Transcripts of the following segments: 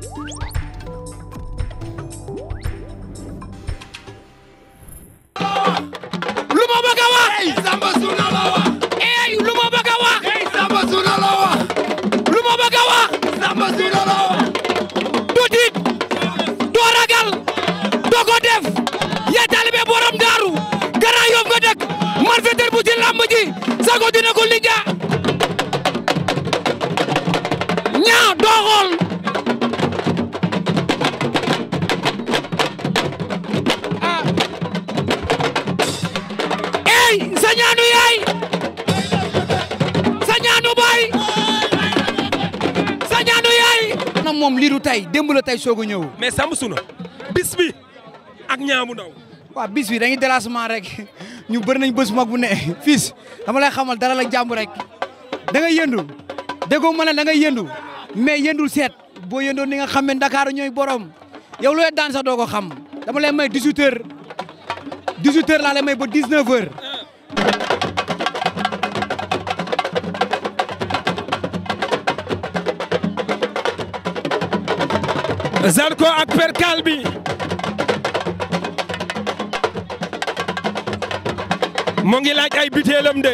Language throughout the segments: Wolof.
lu ma bëgg a wax. ey Samba ko def yaa taalibe borom daaru Grand Yoff nga dëkk malfaiteur bu ci ji sago dina ko linja ñaa doo sa ñaanu yaay sa ñaanu baay sa moom lii du tey démb la tey soog a ñëw mais samsuna bis bi ak ñaamu wa waaw bis bi dañuy déplacement rek ñu bëri nañ bés mag bu ne fiis dama lay xamal dara la jàmb rek da nga yëndu déggoo ma ne da nga yëndu mais yëndul seet boo yëndoon ni nga xam ne Dakar ñooy borom yow looy daan sax doo ko xam dama lay may 18 heures 18 heures laa lay Zarko ak perkal bi mu ngi laaj ay bitéelam de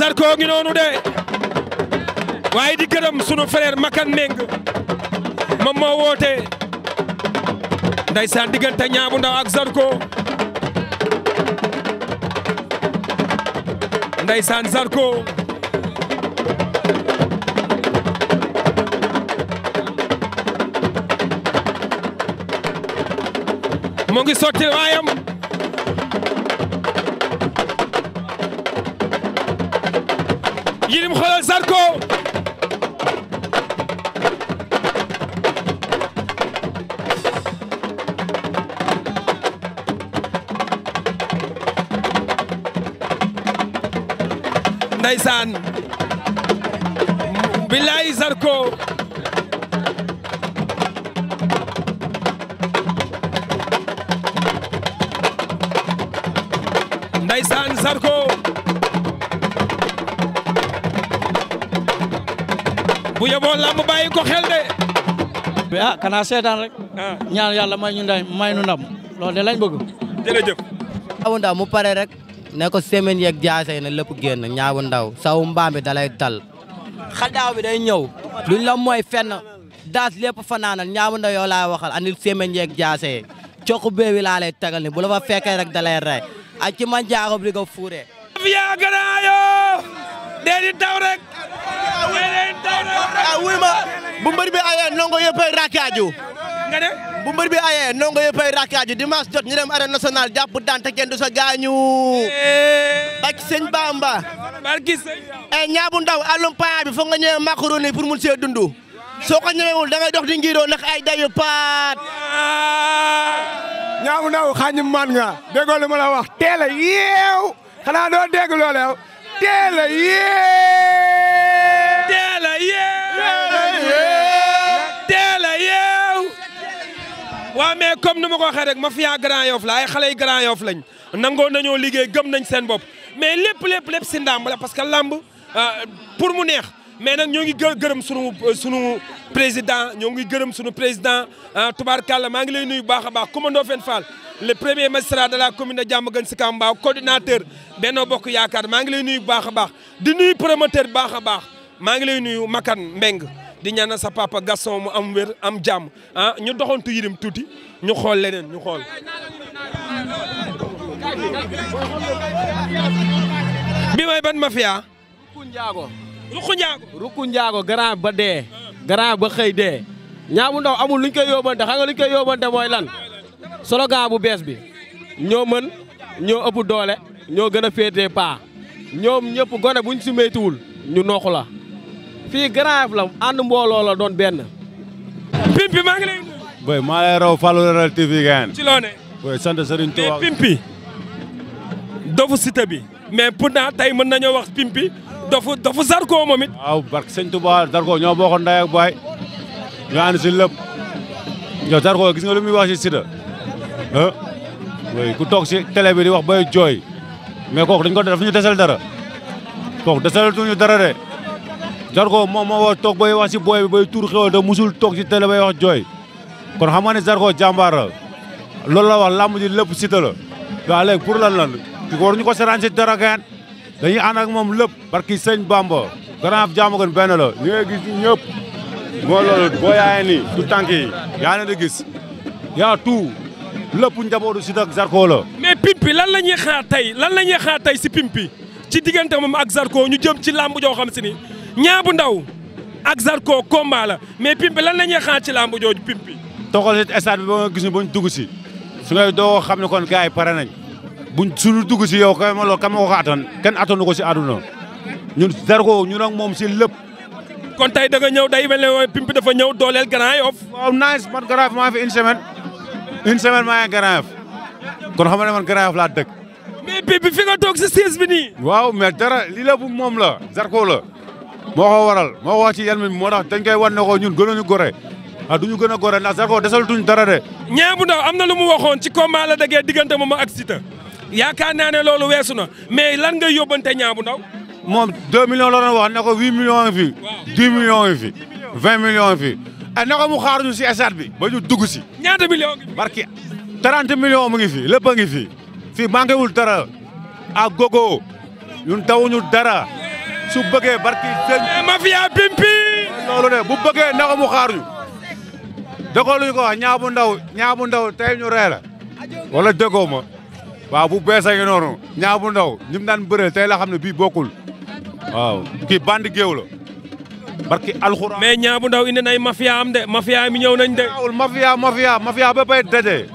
Zarko ngi waaye di gërëm sunu frère Makan Meng moom moo woote ndaysaan diggante Niang bu Ndaw ak Zarko ndaysaan Zarko mu ngi sotti waayam Yérim xoolal Zarko ndeysaan billaay Zarko ndeysaan Zarko bu yeboo làmb bàyyi ko xel de. mais ah kana seetaan rek. Ah. ñaan yàlla may ñu ndam may ñu ndam loolu de lañ bëgg. jërëjëf. ñaawu ndaw mu pare rek ne ko semaine yeeg jaase na lépp génn ñaawu ndaw sawu mbaam bi dalay tal. xadaaw bi day ñëw luñ la mooy fenn daas lépp fanaanal ñaawu ndaw yow laa waxal andil semaine yeeg jaase coxu beebi laa lay ni bu la fa fekkee rek dalay rey ak ci man jaaxo bi di ko fuuree. ganaayo dee di taw rek ah wuy ma bu mbër bi ayee ndongo yëppay rakkaaju nga ne bu mbër bi ayee ndongo yëppay rakkaaju dimanche jot ñu dem arène nationale jàpp dante sa gaañu eh. bak sëñ Bamba barki sëñ eh ñaabu ndaw allum paa bi foog nga ñëwee pour mun see dund soo ko ñëwewul da ngay dox di ngiroo ndax ay dayu paat ah. ñaabu ndaw man nga déggoo ma la wax teel yeew xanaa doo dégg loolu yeew waaw mais comme ni ma ko waxee rek mafia Grand Yoff la ay xale yi Grand Yoff lañ nangoo nañoo liggéey gëm nañ seen bopp mais lépp lépp lépp si ndàmb la parce que làmb euh, pour mu neex mais nag ñoo ngi gërëm sunu euh, sunu président ñoo ngi gërëm sunu président euh, tubaarkàlla maa ngi lay nuyu baax a baax Coumba Ndoffène Fall le premier magistrat de la commune de Diamaguène Sicap Mbao coordinateur Benno Bokk Yaakaar maa ngi lay nuyu bu baax a baax di nuyu promoteur bu baax a baax maa ngi lay nuyu Makan Mbeng di ñaanal sa papa Gaston mu am wér am jàmm a ah, ñu doxantu yirim tuuti ñu xool leneen ñu xool. bi may ban mafia. Ruku Njaago. Ruku Njaago. Ruku Njaago ba dee. grand ba xëy dee. ñaamu ndaw amul luñ koy yóbbante xam nga luñ koy yóbbante mooy lan. slogan bu bees bi. ñoo mën ñoo ëpp doole ñoo gën a féetee paa ñoom ñëpp gone buñ si méytuwul ñu nooxu fii grave la ànd mbooloo la doon benn. pimpi maa ngi lay. booy maa lay raw Fallou Leral TV gayen. ci loo ne. booy sant Serigne mais pimpi dofu cité bi. mais pourtant tey mën nañoo wax pimpi dofu dofu Zarko moom it. waaw barke Serigne ñoo bokkoon ndey baay ñu ànd si lépp yow muy wax ku toog si di wax bay jooy mais dañ ko def ñu desal dara kooku desalatuñu dara de. Zarko moom moo war toog bay wax si booy bi bay tuur xewal te musul toog si télé bay wax jooy kon xam nga ne Zarko jàmbaar la loolu la wax làmb ji lépp Siteu la waaw léegi lan lan waruñu ko seraan si dara gaan dañuy ànd ak moom lépp barki sëñ Bamba grand jaamu gën benn la ñi ngay gis ñëpp moo loolu boo yaayee nii yaa ne di gis yaa tout lépp njabootu Siteu ak Zarko la mais lan la ñuy xaar tey lan la ñuy xaar tey si pimpi ci diggante moom ak Zarko ñu jëm ci làmb joo xam ni Niang bu ndaw ak ko combat la mais Pimpi lan la ñuy xaar ci làmb jooju Pimpi. toxal ci stade bi ba nga gis ne buñ dugg si su ngay doo xam ne kon gars yi pare nañ buñ suñu dugg si yow kay ma loolu kam ma ko ko kenn attanu ko si àdduna ñun Zarko ñu ak moom si lépp. kon tey da ñëw day mel ne Pimpi dafa ñëw dooleel Grand Yoff. waaw nice man Grand Yoff maa fi une semaine une semaine maa ngi Grand Yoff kon xam ne man Grand Yoff laa dëkk. mais Pimpi fi waaw mais dara lii la moom la Zarko moo ko waral moo ko wax ci yan mi moo tax dañ koy war ne ko ñun gënuñu gore ah du ñu gën a gore ndax Zarko dara de. ñee bu ndaw am na lu mu waxoon ci combat la dëggee diggante moom ak Siteu yaakaar naa ne loolu weesu na mais lan ngay yóbbante ñaa bu ndaw. moom 2 millions la doon wax ne ko 8 millions yi fi. 10 millions yi fi 20 millions yi fi. ah ne mu xaar ñu si stade bi ba ñu dugg si. ñaata millions ngi fi barki mu ngi fi lépp a ngi fi. fii manqué wul dara a ah, gogo tawuñu dara. su bëggee barki sëñ. Eh, mafia pimpi. loolu ne bu bëggee naka ko wax ñaabu ndaw ñaabu ndaw tey ñu ree la. wala déggoo ma. waaw bu bees a ngi noonu. ñaabu ndaw ñi daan bëree tey la xam ne bii bokkul. waaw kii bandi géew barki alxuraan mais ñaabu ndaw indi nay mafia am de mafia mi ñëw nañ de. mafia mafia mafia ba bay daje.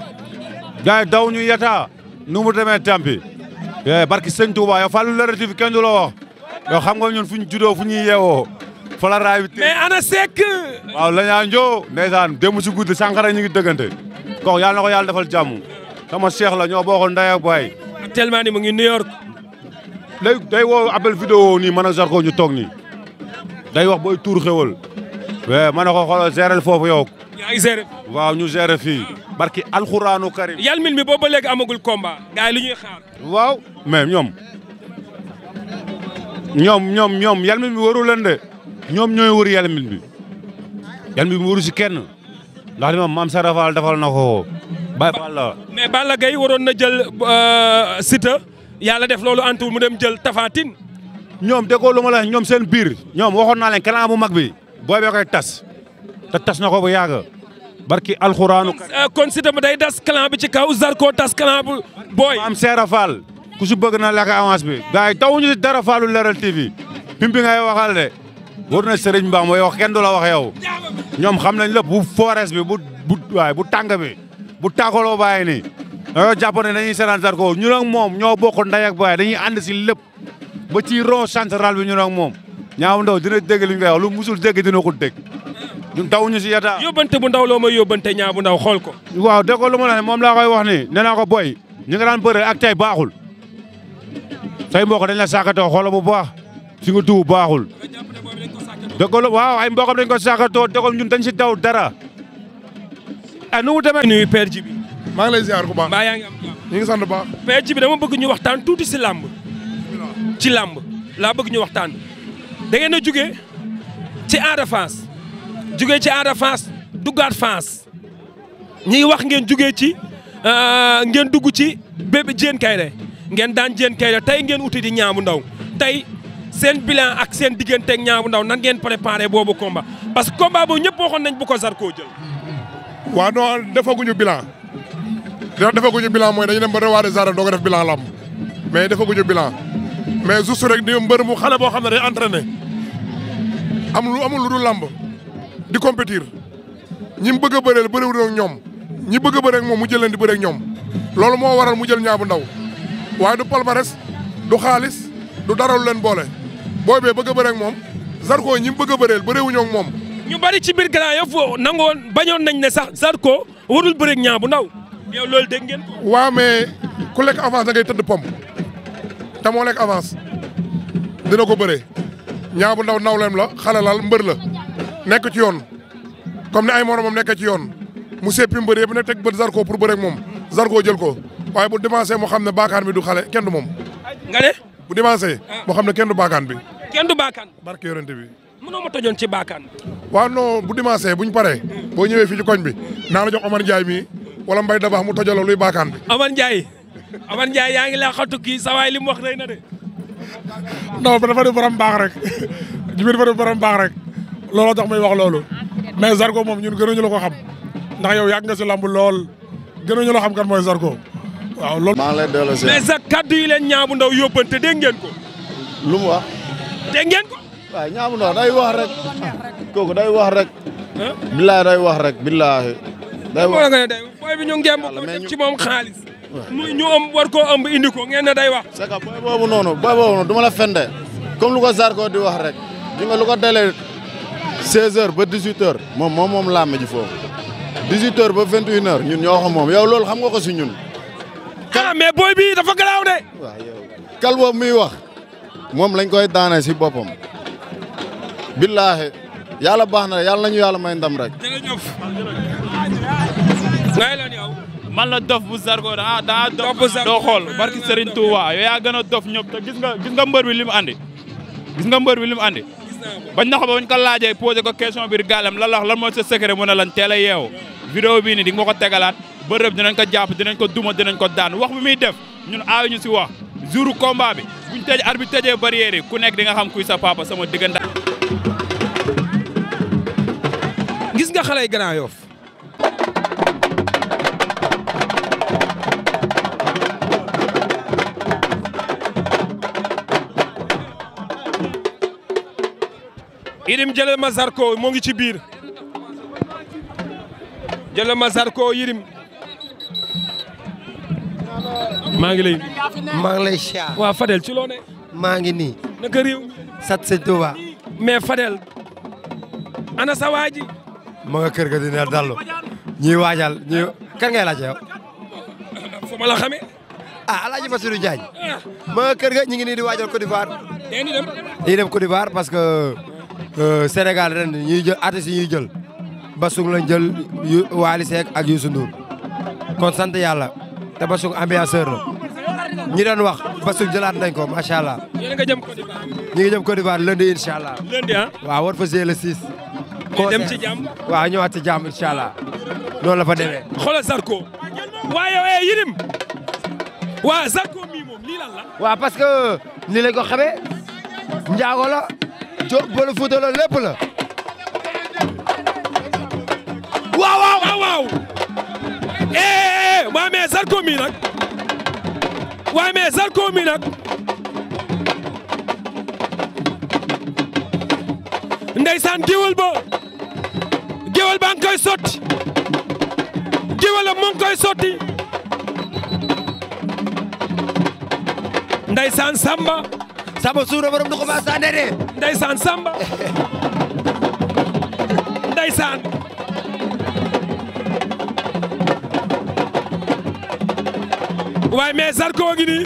gars daw ñu yataa nu mu demee tampi. Eh, barki sëñ Touba yow fàllu la ratif kenn du yow xam nga ñun fu ñu juddoo fu ñuy yeewoo fa la raay bi mais ana Seck waaw la ñaa njoo ndeysaan démb si guddi sànqara ñu ngi dëggante kooku yàlla na ko yàlla defal jàmm sama cheikh la ñoo bokk ndey ak baay ni mu ngi New York léegi day woo appel vidéo nii mën a jar ko toog nii day wax booy tuur xewal we mën a ko xoolal foofu yow yaa ngi waaw ñu gérer fii barki alxuraanu karim yal min mi boobu ba léegi amagul combat gars yi lu ñuy xaar waaw mais ñoom ñoom ñoom ñoom yalmin bi waru leen de ñoom ñooy wër yalmin bi yalmin bi waru si kenn ndax li ma maam Sarafal defal na ko bay Balla mais Balla waroon na jël euh, sita yàlla def loolu antuwul mu dem jël Tapha ñoom déggoo lu ma la ñoom seen biir ñoom waxoon naa leen kanam bu mag bi booy bee koy tas te tas na ko bu yàgg barki alxuraanu. kon euh, Siteu mu day das clan bi ci kaw Zarko tas clan bu booy. maam Serafal ku si bëgg na lekk avance bi gars yi tawuñu si dara Fallou Leral TV pimpi ngay waxal de war na Serigne Ba mooy wax kenn du la wax yow ñoom xam nañ lépp bu forest bi bu bu waay bu tàng bi bu tàkkaloo bàyyi nii dañoo jàpp ne dañuy seetaan Zarko ñu ak moom ñoo bokk ndey ak baay dañuy ànd si lépp ba ci rond central bi ñu ak moom ñaaw ndaw dina dégg li ñu koy wax lu musul dégg dina ko dégg ñun si yata yóbbante bu ndaw loo may yóbbante ñaaw bu ndaw xool ko waaw dégg ko lu ma la ne moom laa koy wax ni nee naa ko boy ñu nga daan bëre ak tey baaxul say mbokk dañ la saakatoo xoolal bu baax si nga tuub baaxul. dëgg waaw ay mbokam dañ ko saakatoo dëgg ñun dañ si daw dara. ah nu mu demee nuyu père ji bi. maa ngi lay ziar ku baax mbaa yaa ngi am jàmm. ñu ngi sant baax. père ji bëgg ñu waxtaan tuuti si làmb. ci làmb laa bëgg ñu waxtaan. da ngeen a jugee ci aada Fass jugee ci aada Fass duggaat Fass ñiy wax ngeen jugee ci euh, ngeen dugg ci bébé Diène Kaïré ngeen daan Diène Kaïré tey ngeen uti di Niang bu Ndaw tey seen bilan ak seen digganteeg Niang bu Ndaw nan ngeen préparé boobu combat parce que combat boobu ñëpp waxoon nañ bu ko Zarko jël. waaw non defaguñu bilan defaguñu bilan mooy dañu dem ba revoir des arènes doo ko def bilan lamb mais defaguñu bilan mais juste rek di mbër mu xale boo xam ne day entraîné am lu amul lamb di compétir ñi mu bëgg a bëreel bëriwul ak ñoom ñi bëgg a moom mu jël leen di bëreek ñoom loolu moo waral mu jël Niang bu Ndaw. waaye du palmarès du xaalis du dara lu leen boole booy bee bëgg moom Zarko ñi mu bëgg a bëreel bëree wuñoo moom. ñu bari ci biir Grand Yoff nangoon bañoon nañ ne sax Zarko warul bëre ak Niang bu ndaw. yow dégg ngeen ko. waaw ku lekk avance da ngay tëdd pom te moo avance dina ko bëree ñaa bu ndaw nawleem la xalalal mbër la nekk ci yoon comme ni ay moromam nekk ci yoon mu seppi mbër yëpp ne teg bët Zarko pour bëre moom Zarko jël ko. waaye bu demancé moo xam ne baakaan bi du xale kenn du moom. nga ne. bu demancé. Ah. moo xam ne kenn du baakaan bi. kenn du baakaan. barke yorente bi. mënoo ma tojoon ci baakaan. waa non bu bu ñu paree. boo ñëwee fii ci koñ bi naa la jox Omar jaay mi wala Mbaye Dabax mu tojaloo luy baakaan bi. Omar Ndiaye. Omar Ndiaye yaa ngi la xatu kii sa li mu wax rëy na de. non dafa def borom baax rek jubir dafa def borom baax rek looloo tax may wax loolu mais Zarko moom ñun gënuñu la ko xam ndax yow yàgg nga si lamb lool gënuñu la xam kan mooy Zarko. waaw loolu maa ngi lay delloo mais sa kaddu yi leen ñaabu ndaw yóbbante dégg ngeen ko. lu mu wax. dégg ngeen ko. waaw ñaabu ndaw day wax rek. kooku day wax rek. billaay day wax rek billaay. day wax day booy bi ñu ngemb ko def ci moom xaalis. ñu am war koo ëmb indi ko ngeen ne day wax. c'est que booy boobu noonu booy boobu noonu du ma fende comme lu ko Zarko di wax rek. di nga lu ko dalee 16h ba 18h. moom moom moom làmb ji foofu 18h ba 21h ñun ñoo moom yow loolu xam nga ko si ñun. ah mais booy dafa garaaw de. waaw kal boobu muy wax moom lañ koy daane si boppam. billaahi yàlla baax na yàlla nañu yàlla may ndam rek. jërëjëf. nay lan man la dof bu Zarko da ah, daa dof doo xool barki Serigne Touba yow yaa gën a dof ñëpp te gis nga gis nga mbër bi li mu andi. gis nga mbër bi li mu andi. bañ na ko ba bañ ko laajee posé ko question biir la wax lan mooy sa secret mu ne lan teel a yeewu. vidéo bii di nga tegalaat. bërëb dinañ ko jàpp dinañ ko duma dinañ ko daan wax bi muy def ñun aayu ñu si wax jouru combat bi buñ tëj arbitre bi tëjee barrière ku nekk di xam kuy sa papa sama diggante. gis nga xale yi jëlal ma Zarko moo ngi ci biir jëlal ma Zarko Yirim maa ngi lay. maa ngi lay siyaar. waaw Fadel ci loo maa ngi nii. naka réew. sat sëñ Touba. mais Fadel. ana sa waa ma nga kër ga di ne dallu ñuy waajal ñuy kan ngay laajte yow. fu ma la xamee. ah, ah. ma nga kër ga ñu ngi nii di waajal Côte d'Ivoire. dañuy dem. dañuy dem parce que euh, Sénégal ren ñuy jël jël. Bassirou lañ jël yu Wally ak Youssou Ndour kon sant yàlla. te Bassou ambianceur la ñi doon wax Bassou jëlaat nañ ko macha allah. yéen nga jëm Côte d'Ivoire. ñu ngi ah? fa le 6. koo dem ci jàmm waaw ñëwaat ci jàmm incha allah noonu la fa demee. xoolal Sarko. waaw yow eh Yirim. Sarko mii moom la. waaw parce que ni lañ la. jo boole la mais Zarko mi nag waaye mais koy sotti géwél am moo koy sotti ndeysaan Samba Samba suura borom du ko ba sande de ndeysaan Samba ndeysaan waaye mais Zarko ngi nii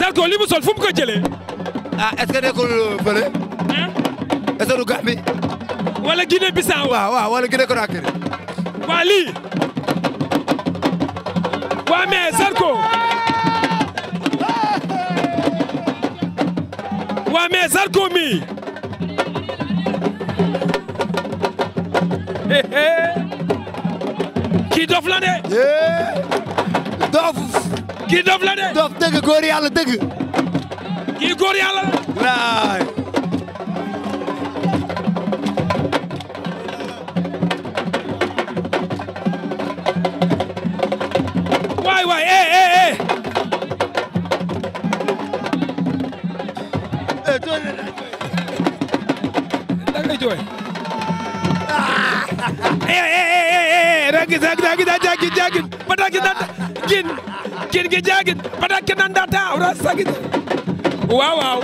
Zarko li sol fu mu ko jëlee. ah est-ce que nekkul euh, fële. est-ce que du Gambie. wala Guinée Bissau. waaw waaw waa lii. waa mais Zarko. waa mais Zarko mi kii dof la de. dof. kii dof la de. dof dëgg góor yàlla dëgg. kii góor yàlla bataki gin gin gi jagin bataki nanda ta awra sagin waaw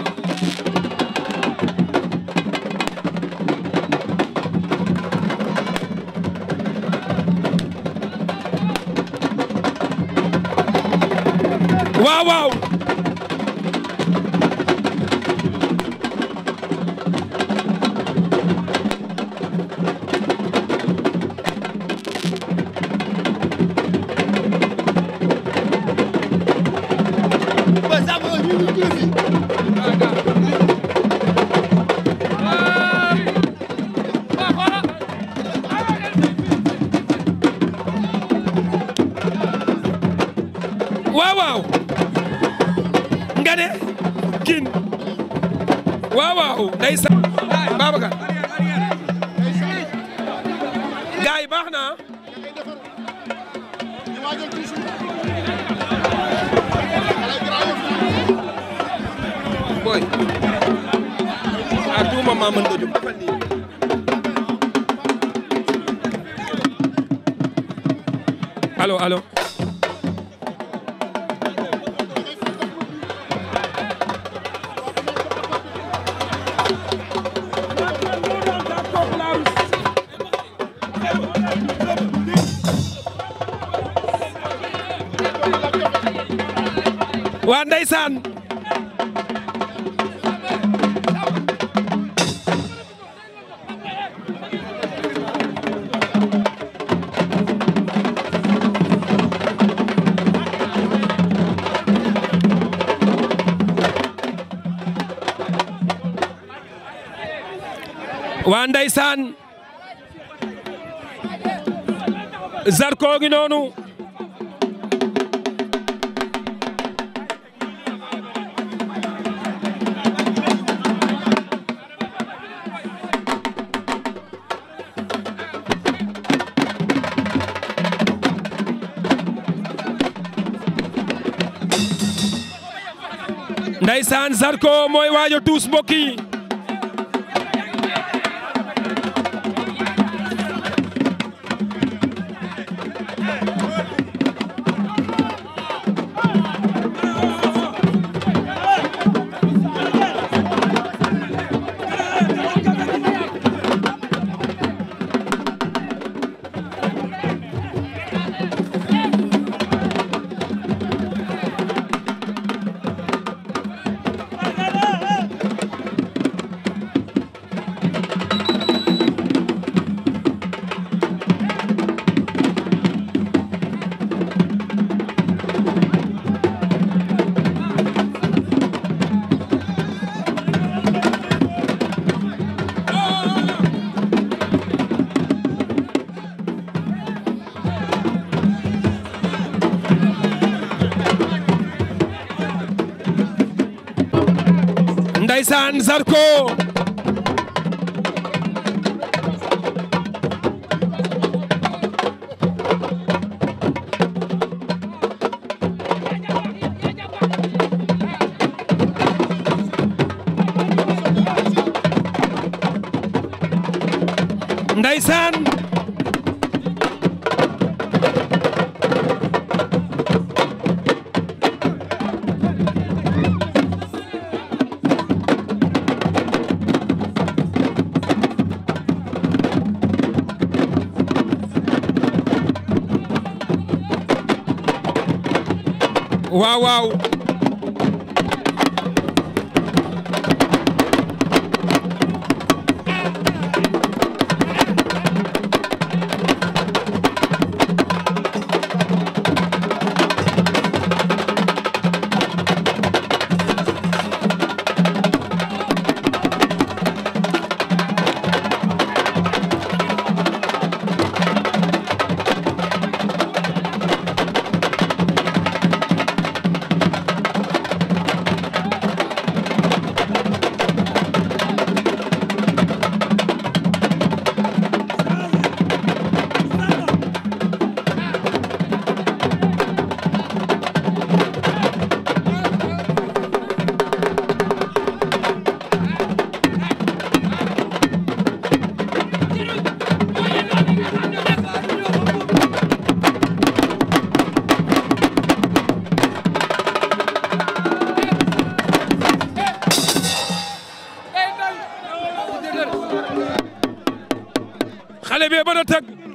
ndeysaan waa ndeysaan waa ndeysaan Zarko noonu ndeysaan Zarko mooy waajo tuus mbokk ndeysaan Zarko ndeysaan waaw waaw ba mën a teg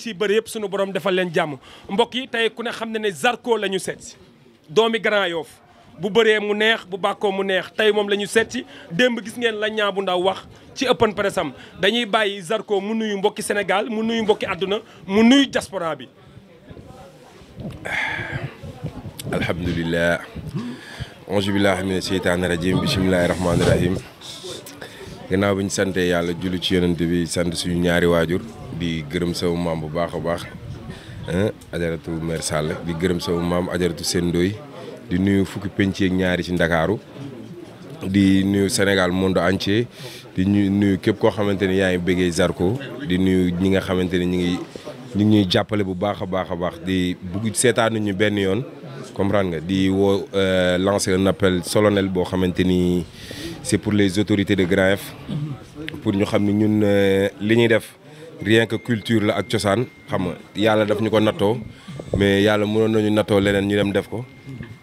siy bëri yëpp sunu borom defal leen jàmm mbokk yi tey ku ne xam ne ne Zarko la ñu seet doomi Grand Yoff bu bëree mu neex bu bàkkoo mu neex tey moom la ñu démb gis ngeen la ñaar bu ndaw wax ci ëppan presam dañuy bàyyi Zarko mu nuyu mbokki senegal mu nuyu mbokki àdduna mu nuyu diaspora bi alhamdulilah ange billahi mina seytaani rajim bisimilahi rahmaani rahim gannaaw bi ñu santee yàlla julli ci yonent bi sant suñu ñaari waajur di gërëm sama maam bu baax a baax ajaratu mère Sall di gërëm sama maam ajaratu seen ndooy di nuyu fukki penc ak ñaari ci ndakaaru di nuyu Sénégal monde entier di nuyu képp koo xamante ni yaa ngi bëggee Zarko di nuyu ñi nga xamante ni ñu ngi ñu ñuy jàppale bu baax a baax a baax di bugg seetaanu ñu benn yoon comprendre nga di woo euh, lancer un appel solennel boo xamante ni c'est pour les autorités de Grand Yoff pour ñu xam ne ñun euh, li ñuy def rien que culture la ak cosaan xam nga yàlla def ñu ko nattoo mais yàlla mënoon nañu nattoo leneen ñu dem def ko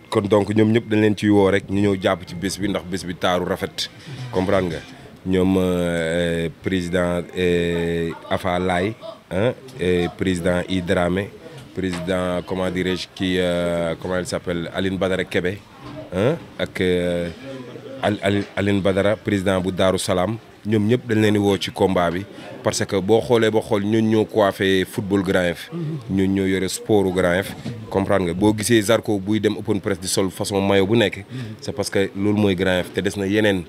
kon donc ñoom ñëpp dañ leen ciy woo rek ñu ñëw jàpp ci bés bi ndax bés bi taaru rafet comprendre ga ñoom euh, président euh, Afa Laay président Idramé président comment dirais-je kii euh, comment il s'appelle Aline Badara Kébé ak Aline Badara président bu Daaru Salaam ñoom ñëpp dañ leen di woo ci combat bi parce que boo xoolee ba xool ñun ñoo coiffé football Grand Yoff ñun ñoo yore sportu Grand Yoff comprendre nga boo gisee Zarko buy dem open press di sol façon maillot bu nekk c'est parce que loolu mooy Grand Yoff te des na yeneen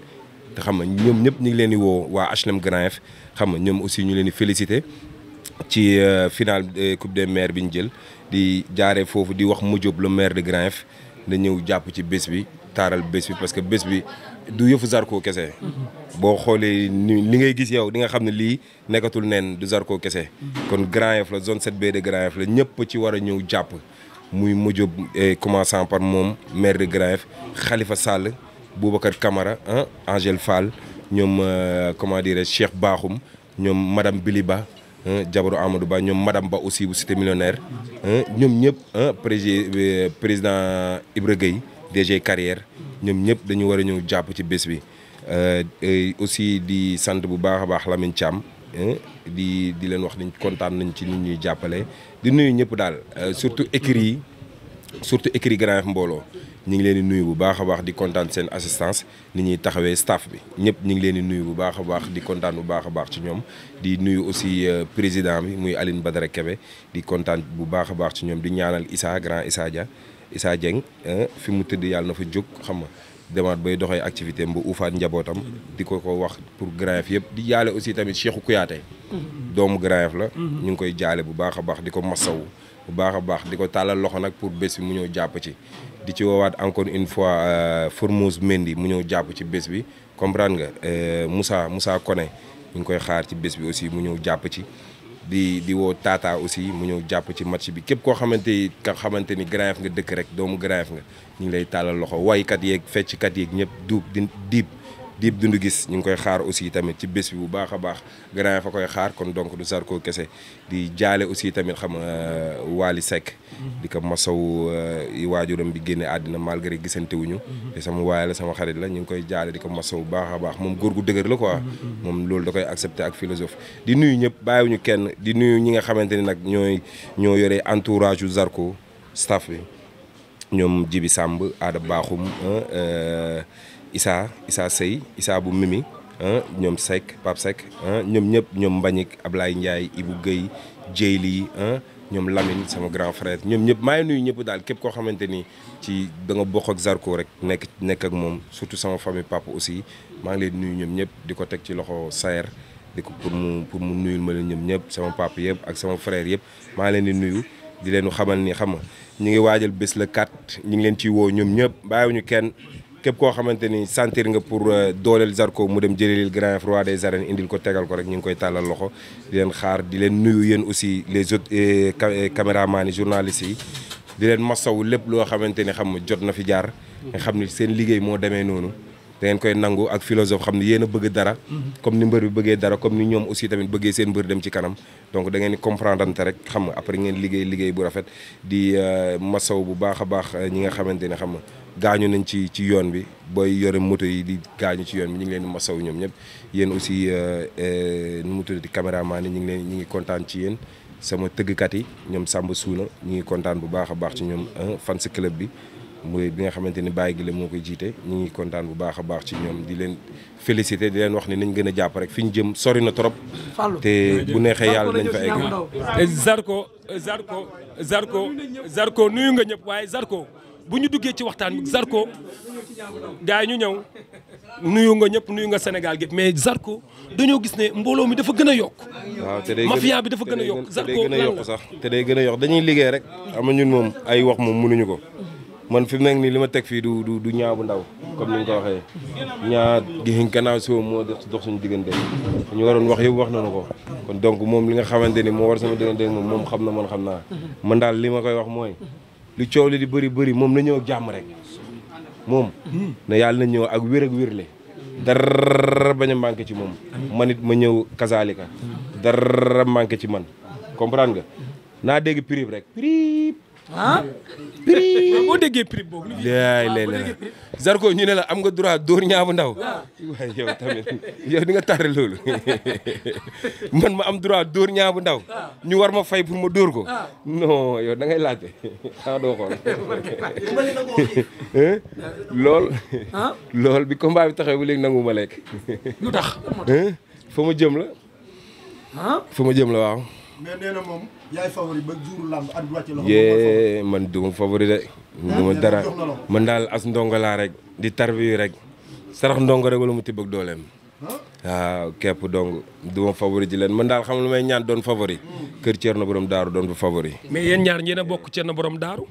te xam nga ñoom ñëpp ñu ngi leen di woo waa HLM Grand Yoff xam nga ñoom aussi ñu leen di félicité ci euh, finale coupe des maire bi ñu jël di jaaree foofu di wax mu jóob maire de Grand Yoff na ñëw jàpp ci bés bi taaral bés bi parce que bés bi du yëfu sarko kese. boo xoolee ni li ngay gis yow di nga xam ne lii nekkatul neen du Zarko kese. kon Grand Yoff la zone 7B de Grand Yoff la ñëpp ci war a ñëw jàpp. muy mujj eh, commençant par moom maire de Grand Yoff Khalifa Sall Boubacar Camara ah Angèle Fall ñoom euh, comment dire Cheikh baaxum ñoom madame ba jabaru Amadou Ba ñoom madame Ba aussi bu cité millionnaire ñoom ñëpp prési euh, président Ibra Gueye DG Carrière ñoom ñëpp dañu war a ñëw jàpp ci bés bi euh, aussi di sant bu baax a baax Lamine Thiam di di leen wax ni kontaan nañ ci nit ñuy jàppale di nuyu ñëpp daal euh, surtout écrit yi surtout écrit mbooloo ñu ngi leen di nuyu bu baax baax di kontaan seen assistance ni ñuy taxawee staff bi ñëpp ñu ngi leen di nuyu bu baax a baax di kontaan bu baax a baax ci ñoom di nuyu aussi euh, président bi muy Aline Badara Kebe di kontaan bu baax a baax ci ñoom di ñaanal Issa grand Issa Dia Issa Dieng fi mu tëdd yàlla na fa jóg xam nga demaat bay doxee activité am uufaat njabootam di ko ko wax pour Grand Yoff yëpp di jaale aussi tamit Cheikhou Kouyaté doomu Grand Yoff la ñu ngi koy jaale bu baax a baax di ko massawu bu baax a baax di ko tàllal loxo nag pour bés bi mu ñëw jàpp ci di ci woowaat encore une fois euh, Formose Mendy mu ñëw jàpp ci bés bi comprendre nga euh, mussa Moussa Koné ñu ngi koy xaar ci bés bi aussi mu ñëw jàpp ci di di woo Tata aussi mu ñëw jàpp ci match bi képp koo xamante ka xamante ni Grand nga dëkk rek doomu Grand Yoff nga ñu ngi lay tàllal loxo waykat yeeg fecckat yeeg ñëpp duub di diib diib dundu gis ñu ngi koy xaar aussi tamit ci bés bi bu baax a baax grand fa koy xaar kon donc du sarko kese di jaale aussi tamit xam euh, Waly Seck mhm. di ko masaw euh, waajuram bi génne àddina malgré gisante wuñu mhm. te sama waay sama xarit la ñu ngi koy jaale di ko masaw bu baax a baax moom góor gu la quoi mhm, moom loolu da ak philosophe di nuyu ñëpp bàyyiwuñu kenn di nuyu ñi nga xamante ni nag ñooy ñoo yore entourage yu Zarko staff bi ñoom Jibi sàmb Aada Baaxum Issa Issa Sey Issa bu Mimi ah, ñoom Seck Pape Seck ah, ñoom ñëpp ñoom ab Ablaye Ndiaye Ibou Guèye Dieyli ah, ñoom Lamine sama grand frère ñoom ñëpp maa ngi nuyu ñëpp daal képp koo xamante ni da nga bokk ak rek nekk nekk ak moom surtout sama famille papa aussi maa ngi leen nuyu ñoom ñëpp di ko teg ci loxo Saer di ko pour mu pour mu nuyul ma leen ñoom ñëpp sama papa yëpp ak sama frère yëpp maa leen di nuyu di leen xamal ni xam nga ñu ngi waajal bés la kat ñu ngi leen ciy woo ñoom ñëpp ñu kenn. képp koo xamante ni sentir nga pour euh, dooleel Zarko mu dem jëlelil grand roi des arènes indil ko tegal ko rek ñu ngi koy tàllal loxo di leen xaar di leen nuyu yéen aussi les autres euh, euh, caméramans yi journalistes yi di leen masawu lépp loo xamante ni xam jot na fi jaar mm-hmm. nga xam ni seen liggéey moo demee noonu da koy nangu ak philosophe xam ni yéen a bëgg dara mm-hmm. comme ni mbër bi bëggee dara comme ni ñoom aussi tamit bëggee seen mbër dem ci kanam donc da ngeen di comprendre rek xam nga après ngeen liggéey liggéey bu rafet di masaw bu baax a baax ñi nga xamante ne xam nga gaañu nañ ci ci yoon bi booy yore moto yi di gaañu ci yoon bi ñu ngi leen di masaw ñoom ñëpp yéen aussi euh, euh, nu mu tuddati caméraman yi ñu ngi leen ñu ngi kontaan ci yéen sama tëggkat yi ñoom Samba Suuna ñu ngi kontaan bu baax a baax ci ñoom fan si club bi muy bi nga xamante ni bàyyi gi la moo koy jiite ñu ngi kontaan bu baax a baax ci ñoom di leen félicité di leen wax ni nañ gën a jàpp rek fi ñu jëm sori na trop. te bu neexee yàlla nañ fa egg. Zarko Zarko Zarko Zarko nuyu nga ñëpp waaye Zarko. bu ñu duggee ci waxtaan bi Zarko gars yi ñu ñëw nuyu nga ñëpp nuyu nga senegal gépp mais Zarko dañoo gis ne mbooloo mi dafa gën a yokk. waaw te day gën mafia bi dafa gën a yokk Zarko lan la sax te day gën a yokk dañuy liggéey rek. am na moom ay wax moom mënuñu ko. man fi mu nekk nii li ma teg fii du du du ñaaw bu ndaw comme ni nga ko waxee ñaa gixiñ gannaaw si moo dox suñu diggante ñu waroon wax yëpp wax na nañu ko kon donc moom li nga xamante ni moo war sama diggante moom moom xam na man xam naa man daal li ma koy wax mooy lu coow li di bëri bëri moom na ñëw ak jàmm rek moom na yàlla na ñëw ak wér ak wérle dara bañ a manqué ci moom man it ma ñëw kasaalika dara manqué ci man comprendre nga naa dégg prib rek prib ah prix boo déggee prix boobu. laay lay lay ñu ne la am nga droit dóor ñaabu ndaw. waaye yow tamit di nga tardé loolu man ma am droit dóor ñaabu ndaw. ñu war ma fay pour ma dóor ko. non yow da ngay laajte xanaa lool. lool bi combat bi taxaw bu léegi nangu ma lekk. lu tax. fa ma jëm la. fa ma mais nee yee man du ma favori de du dara man daal as ndongo laa rek di tar tarbi rek sarax ndongo rek wala mu tibb ak dooleem waaw képp dong du ma favori ji leen man daal xam lu may ñaan doon favori hmm. kër Thierno Borom Daaru doon fa favori mais yéen ñaar ñeena bokk Thierno Borom Daaru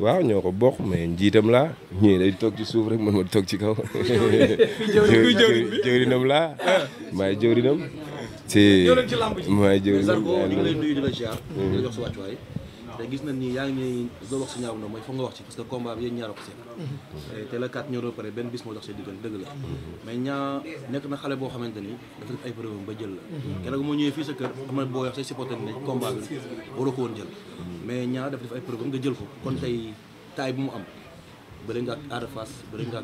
waaw ñoo ko bok mais njiitam laa ñii day toog ci suuf rek man ma toog ci kaw jëwrinam laa ah. maay jëwrinam ci maa ngi jël Zarko ñu ngi lay nuyu di la ziar. di la jox te gis nañ ni yaa ngi ñuy soo wax si ñaaw mooy foog nga wax ci parce que combat bi yéen ñaar ko seen. Mhm. te la kat ñëw na pare benn bis moo dox seen diggante dëgg la. Mhm. mais ñaa nekk na xale boo xamante ni dafa def ay preuve ba jël la. Mhm. keroog moo ñëwee fii sa kër am na boo wax say supporter ne combat bi waroo ko woon jël. mais ñaa dafa def ay preuve nga jël ko kon tey taay bu mu am. bëri nga ak Ada Fass bëri nga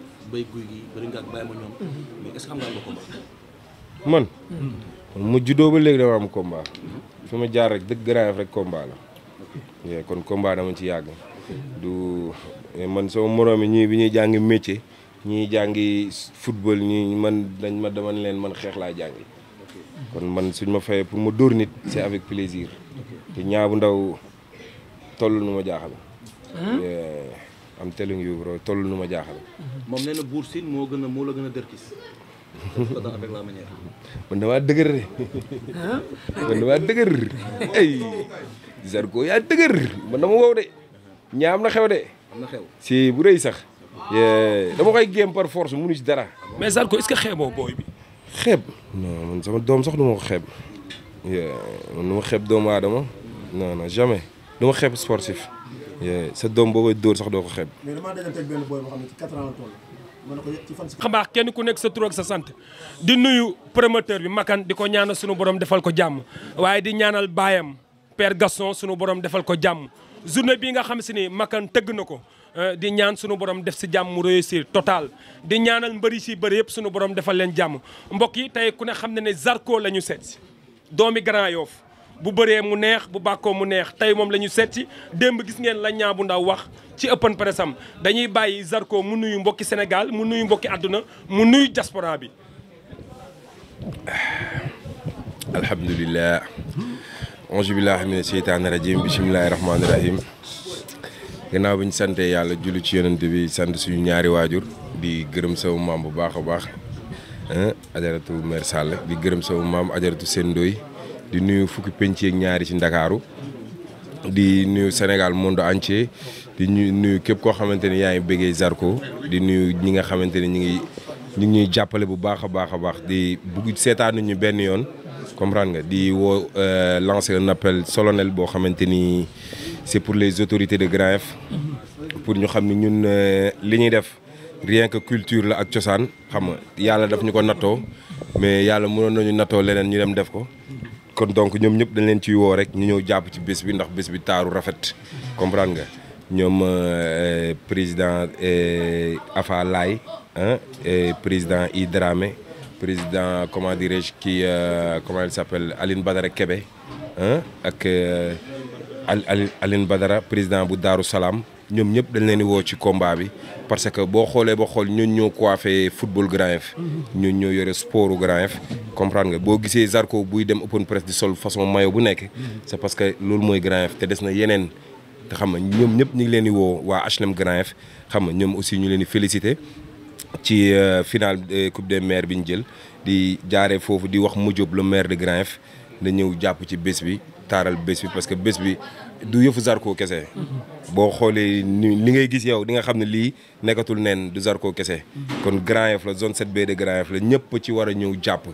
kon mu juddoo ba léegi dama am combat fi ma jaar rek dëgg garaaf rek combat la kon combat dama ci yàgg du eh, man sama moroom yi ñii bi ñuy jàngi métier ñii jàngi football ñii man dañ ma dama leen man xeex laa jàngi kon man suñ ma fayee pour ma dóor nit see avec plaisir te ñaa bu ndaw toll nu ma jaaxal am telling you bro toll nu ma jaaxal moom nee na Bour moo gën a moo la gën a dërkis def avec la manière. mën na waa dëgër de. mën na waa dëgër. ay Zarko yaa dëgër mën na ma wow de. ñaam na xew de. am na xew si bu rëy sax. dama koy géem par force mu ci dara. mais Zarko est-ce que xeeboo booy bi. xeeb non man sama doom sax du ma ko xeeb. man du ma xeeb doomu aadama. non non jamais. du ma sa doom boo koy dóor sax doo ko xeeb. xabaax kenn ku nekk sa tur sa sant di nuyu promoteur bi Makan di ko ñaanal sunu borom defal ko jàmm waaye di ñaanal baayam Père Gaston sunu borom defal ko jàmm journée bii nga xam si ni Makan tëgg na ko eh, di ñaan sunu borom def si jàmm mu réussir total di ñaanal mbëri si bëri yëpp sunu borom defal leen jàmm mbokk yi tey ku ne xam ne ne Zarko la ñu seet si doomi Grand Yoff bu bëree mu neex bu bàkkoo mu neex tey moom la seeti démb gis ngeen la ñaa bu ndaw wax ci open press am dañuy bàyyi Zarko mu nuyu mbokki Sénégal mu nuyu mbokki àdduna mu nuyu diaspora bi alhamdulilah ange billahi mina seytaani rajim bisimilahi rahmaani rahim gannaaw bi ñu santee yàlla julli ci yonent bi sant suñu ñaari waajur di gërëm sama maam bu baax a baax ah, ajaratu mère Sall di gërëm sama maam ajaratu seen doy di nuyu fukki penc ak ñaari ci ndakaaru di nuyu Sénégal monde entier di nuyu képp koo xamante ni yaa ngi bëggee Zarko di nuyu ñi nga xamante ni ñu ngi ñu ngi ñuy jàppale bu baax a baax a baax di bugg seetaanu ñu benn yoon comprendre nga di woo euh, lancer un appel solennel boo xamante ni c'est pour les autorités de Grand Yoff pour ñu xam ni ñun euh, li ñuy def rien que culture la ak cosaan xam nga yàlla daf ñu ko nattoo mais yàlla mënoon nañu nattoo leneen ñu dem def ko kon donc ñoom ñëpp dañ leen ciy woo rek ñu ñëw jàpp ci bés bi ndax bés bi taaru rafet comprendre nga ñoom euh, président euh, Afa Laay président Idramé président comment dirais-je kii euh, comment il s'appelle Aline Badara Kébé ak Aline Badara président bu Daaru Salaam ñoom ñëpp dañ leen di woo ci combat bi parce que boo xoolee ba xool ñun ñoo coiffé football Grand Yoff mhm. ñun ñoo yore sportu Grand Yoff comprendre nga boo gisee Zarko buy dem open press di sol façon maillot bu nekk mhm. c'est parce que loolu mooy Grand Yoff te des na yeneen te xam nga ñoom ñëpp ñu ngi leen di woo waa HLM Grand Yoff xam nga ñoom aussi ñu leen di félicité ci euh, finale coupe des maire bi ñu jël di jaaree foofu di wax mu jóob maire de Grand Yoff na ñëw jàpp ci bés bi taaral bés bi parce que bés bi du yëfu sarko kese. boo xoolee li ngay gis yow di nga xam ne lii nekkatul neen du sarko kese. kon Grand Yoff la zone 7B de Grand Yoff la ñëpp ci war a ñëw jàpp.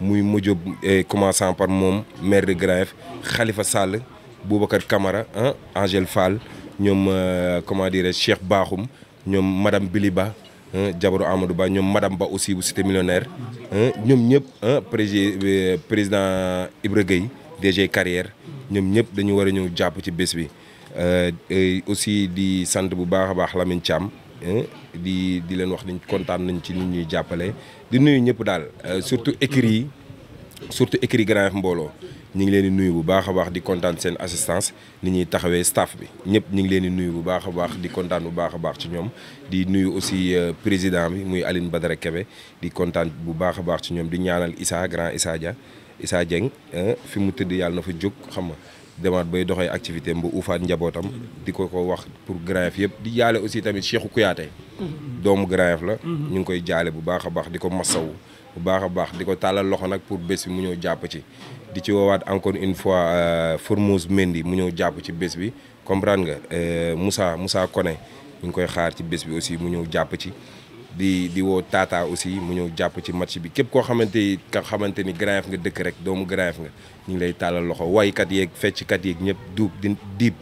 muy mujj eh, commençant par moom maire de Grand Yoff Khalifa Sall Boubacar Camara ah Angèle Fall ñoom euh, comment dirais Cheikh baaxum ñoom madame Biliba jabaru Amadou Ba ñoom madame Ba aussi bu cité millionnaire ñoom ñëpp président euh, président Ibra Gueye DG Carrière. ñoom ñëpp dañu war a ñëw jàpp ci bés bi euh, aussi di sant bu baax a baax Lamine Thiam di di leen wax ni kontaan nañ ci nit ñuy jàppale di nuyu ñëpp daal euh, surtout écrit yi surtout écrit Grand Yoff mbooloo ñu ngi leen di nuyu bu baax a baax di kontaan seen assistance ni ñuy taxawee staff bi ñëpp ñu ngi leen di nuyu bu baax a baax di kontaan bu baax a baax ci ñoom di nuyu aussi euh, président bi muy Aline Badara Kebe di kontaan bu baax a baax ci ñoom di ñaanal Issa grand Issa Dia Issa Dieng fi mu tëdd yàlla na fa jóg xam nga demaat bay doxee activité am uufaat njabootam di ko ko wax pour Grand Yoff yëpp di jaale aussi tamit Cheikhou Kouyaté doomu Grand Yoff la ñu ngi koy jaale bu baax a baax di ko massawu bu baax a baax di ko tàllal loxo nag pour bés bi mu ñëw jàpp ci di ci woowaat encore une fois euh, Formose Mendy mu ñëw jàpp ci bés bi comprendre nga euh, Moussa Moussa Koné ñu ngi koy xaar ci bés bi aussi mu ñëw jàpp ci di di woo taataa aussi mu ñëw jàpp ci match bi képp koo xamante ni ka xamante ni Grand nga dëkk rek doomu Grand nga ñu ngi lay tàllal loxo waykat yeeg fecckat yeeg ñëpp duub di diib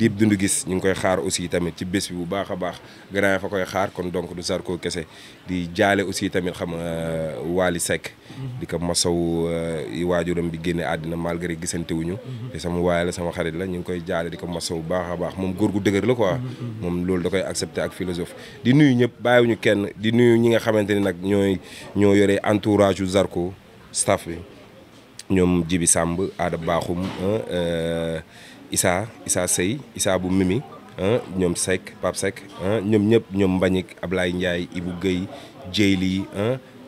diib dund gis ñu ngi koy xaar aussi tamit ci bés bi bu baax a baax grand fa koy xaar kon donc du sarko kese di jaale aussi tamit xam euh, Wally Seck mhm. di ko masaw euh, waajuram bi génne àddina malgré gisante wuñu mhm. te sama waay sama xarit la ñu ngi koy jaale di ko bu baax a baax moom góor gu la quoi mhm, moom loolu da koy accepté ak philosophe di nuyu ñëpp bàyyiwuñu kenn di nuyu ñi nga xamante ni nag ñooy ñoo yore entourage yu Zarko staff bi ñoom Jibi sàmb Ada Bakhoum euh, Issa Issa Sey Issa bu Mimi ñoom Seck Pape Seck ñoom ñëpp ñoom ab Ablaye Ndiaye Ibou Guèye Dieyli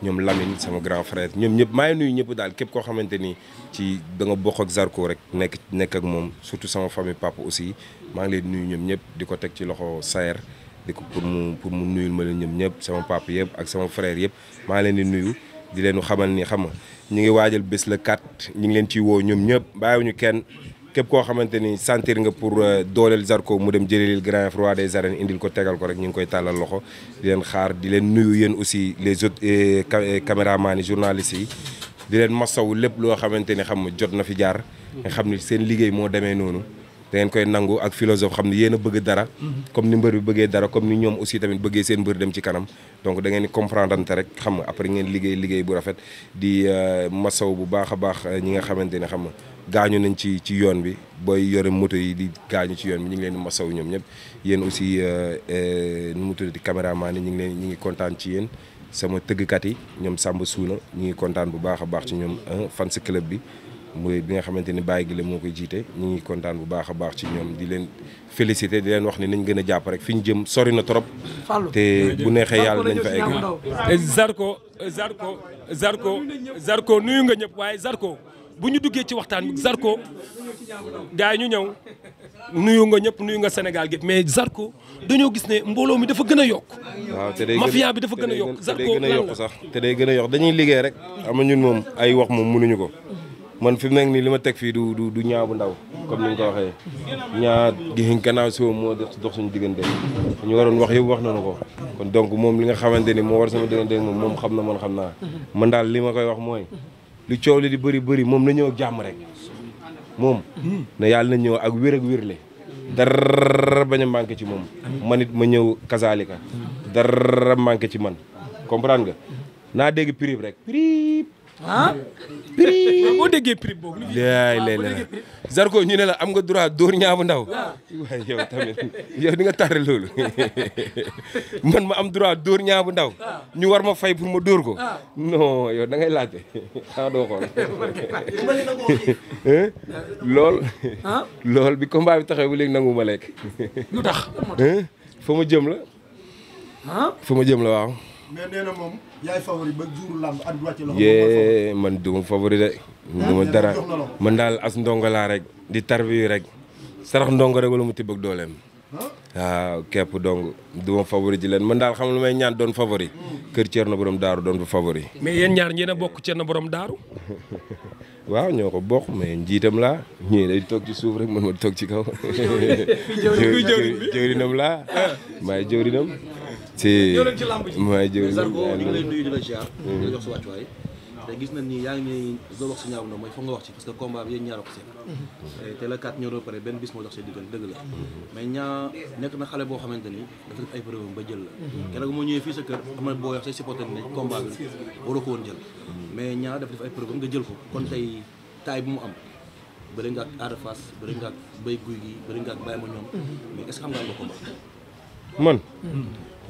ñoom Lamine sama grand frère ñoom ñëpp maa ngi nuyu ñëpp daal képp koo xamante ni da nga bokk ak Zarko rek nekk nekk ak moom surtout sama famille papa aussi maa ngi leen nuyu ñoom ñëpp di ko teg ci loxo Saer di ko pour mu pour mu nuyul ma leen ñoom ñëpp sama papa yëpp ak sama frère yëpp maa leen di nuyu di leen xamal ni xam nga ñu ngi waajal bés la kat ñu ngi leen ciy wow ñoom ñëpp ñu kenn. képp koo xamante ni sentir nga pour euh, dooleel Zarko mu dem jëlelil grand roi des indil ko tegal ko rek ñu ngi koy tàllal loxo di leen xaar di leen nuyu yéen aussi les autres euh, euh, caméramans yi journalistes yi di leen masawu lépp loo xamante ni xam jot na fi jaar nga xam ni seen liggéey moo demee noonu da koy nangu ak philosophe xam ne yéen a bëgg dara comme ni mbër bi bëggee dara comme ni ñoom aussi tamit bëggee seen mbër dem ci kanam donc da ngeen di comprendre rek xam nga après ngeen liggéey liggéey bu rafet di masaw bu baax a baax ñi xamante ni xam nga gaañu nañ ci ci yoon bi booy yore moto yi di gaañu ci yoon bi ñu ngi leen di masaw ñoom ñëpp yéen aussi euh, euh, nu mu tuddati caméraman yi ñu ngi leen ñu ngi kontaan ci yéen sama tëggkat yi ñoom Samba Suuna ñu ngi kontaan bu baax a baax ci ñoom fans club bi muy bi nga xamante ni Baye Guèye moo koy jiite ñu ngi kontaan bu baax a baax ci ñoom di leen félicité di leen wax ni nañ gën a jàpp rek fi ñu jëm sori na trop. te bu neexee yàlla nañ fa egg. Zarko Zarko Zarko Zarko nuyu nga ñëpp waaye Zarko. bu ñu duggee ci waxtaan bi Zarko gars yi ñu ñëw nuyu nga ñëpp nuyu nga senegal gi mais Zarko dañoo gis ne mbooloo mi dafa gën a yokk. waaw te day mafia bi dafa gën a yokk Zarko lan sax te day gën a yokk dañuy liggéey rek. am na moom ay wax moom mënuñu ko. man fi mu nekk nii li ma teg fii du du du ñaa bu ndaw comme ni nga ko waxee ñaa gi gannaaw si moo def dox suñu diggante ñu waroon wax yëpp wax na nañu ko kon donc moom li nga xamante ni moo war sama diggante moom moom xam na man xam naa man daal li ma koy wax mooy lu coow li di bëri bëri moom na ñëw ak jàmm rek moom na yàlla na ñëw ak wér ak wérle dara bañ a manqué ci moom man ma ñëw kasaalika dara manqué ci man comprendre nga naa dégg prib rek prib ah prix boo déggee prix boobu. laay lay lay ñu ne la am nga droit dóor ñaabu ndaw. waaye yow tamit di nga tardé loolu man ma am droit dóor ñaabu ndaw. ñu war ma fay pour ma dóor ko. non yow da ngay laajte xanaa lool. lool bi combat bi taxaw ba léegi nangu ma lekk. lu tax. fa ma jëm la. fa ma jëm la mais nee yee man du ma favori de. du dara man daal as ndongo laa rek di tar tarbiyu rek sarax ndongo rek wala mu tibb ak dooleem. waaw képp donc du ma favori ci leen man daal xam lu may ñaan doon favori. Hmm. kër Thierno Borom Daaru doon fa favori. mais yéen ñaar ñeena bokk Thierno Borom Daaru. waaw ñoo ko bokk mais njiitam laa ñii day toog ci suuf rek man ma toog ci kaw. jëwriñ jëwriñ bi jëwriñam laa ah. maay si ñëw leen ci làmb ji mooy jëw Zarko ñu ngi lay nuyu di la mm. te gis nañ ni yaa ngi ñuy doo wax si ñaaw na mooy foog nga wax ci parce que combat bi yéen ñaar ko seen mm-hmm. eh, te la kat ñoo doon pare benn bis moo dox seen diggante dëgg la mm-hmm. mais ñaa nekk na xale boo xamante ni dafa def ay preuve ba jël la mm-hmm. keroog moo ñëwee fii sa kër am na boo wax say supporter ne combat bi waroo ko woon jël mais ñaa dafa def ay preuve nga jël ko kon tey taay bu mu am bëri nga ak Ada Fass bëri nga ak Mbaye Gouy Gui bëri nga ak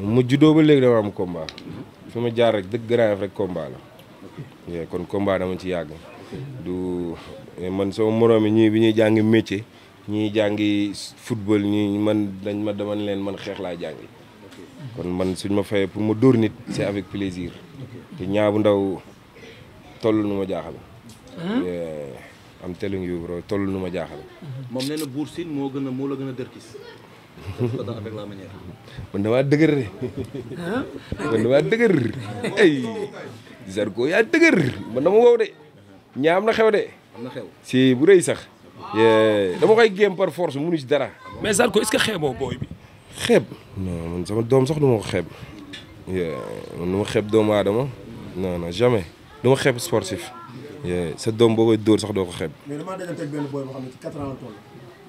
mu juddoo ba léegi dama am combat fi ma jaar rek dëgg Grand rek combat la kon combat dama ci yàgg du man sama moroom yi ñii bi ñuy jàngi métier ñii jàngi football ñii man dañ ma dama leen man xeex laa jàngi kon man suñ ma fayee pour ma dóor nit c'est avec plaisir te ñaabu ndaw toll nu ma jaaxal am telling you bro toll nu ma jaaxal moom nee buur Bour moo gën a moo la gën a dërkis Patin avec la damaa dëgër de. man damaa dëgër. ay Zarko yaa dëgër man dama wow de. ñaam am na xew de. am na xew si bu rëy sax. dama koy géem par force mu ci dara. mais Zarko est-ce que xeeboo booy bi. xeeb non man sama sax du ma ko xeeb. man du ma xeeb doomu aadama. non non jamais. du ma xeeb sportif. sa doom boo koy dóor sax doo ko xeeb. mais damaa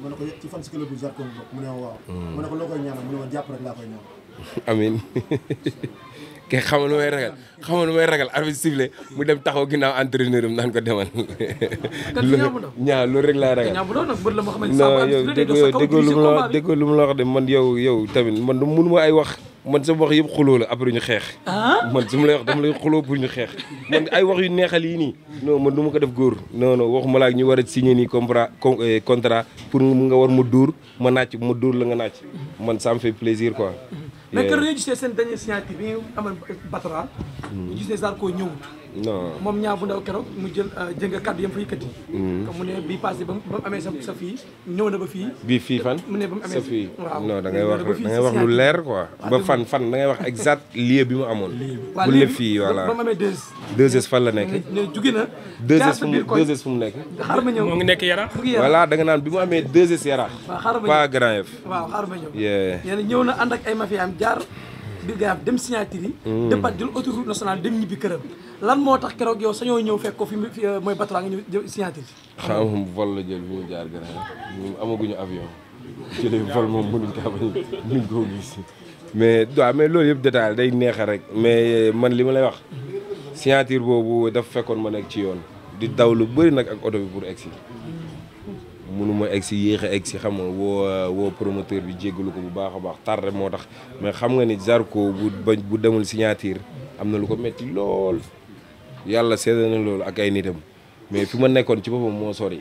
ma ne ko ko loo koy ñaanal mu ne ma ke xam nga lu may ragal xam nga lu may ragal arbitre sifflé mu dem taxaw ginnaaw entraîneur am naan ko demal. ñaa loolu rek laa ragal. non yow déggoo yow déggoo lu mu la wax déggoo lu mu la wax de man yow yow tamit man du mënuma ay wax. man sama wax yëpp xuloo la après ñu xeex. Ah? man su ma lay wax dama lay xuloo pour ñu xeex man ay wax yu neexal yi nii. non man du ma ko def góor. non non waxuma la ak ñu war a signé nii eh, contrat pour nga war ma dóor ma naaj ma dóor la nga naaj man ça me fait plaisir quoi. mais keroog non moom ñaa bu ndaw keroog mu jël euh, jënga kàddu yam fa yëkkati mm-hmm. comme mu ne bii passé ba mu amee sa sa fii ñëw na ba fii bii fii fan mu ne ba mu amee sa fii waaw non ngay wax da ngay wax lu leer quoi ba fan fan da wax exact lieu bi mu amoon bu ne fii voilà ba mu amee deux deux fan la nekk ne jugi na deux es fu mu deux nekk xaar ma ñëw mu ngi nekk yara voilà da nga naan bi mu amee deux es yara pas grand yëf waaw ma ñëw yee ñëw na ànd ak ay mafia am jaar Birame dem signature yi. Hmm. départ jël autoroute nationale dem ñibbi këram. lan moo tax keroog yow sañoo ñëw fekk ko fi euh, mooy Batara nga ñëw signature yi. xam moom vol la jël bi ñu jaar gannaaw ñun amaguñu avion jëlee vol moom mënuñ kaa bañ ñu ko gis mais waaw mais loolu yëpp détail day neexa rek mais euh, man li ma lay wax signature boobu dafa fekkoon ma nekk ci yoon di daw lu bëri nag ak oto bi pour egg si mënuma egg si yéex a egg si xam nga woo woo promoteur bi jéggalu ko bu baax a baax tardé moo tax mais xam nga ni Zarko bu bañ bu demul signature am na lu ko metti lool yàlla seede na loolu ak ay nitam mais fi ma nekkoon ci boppam moo sori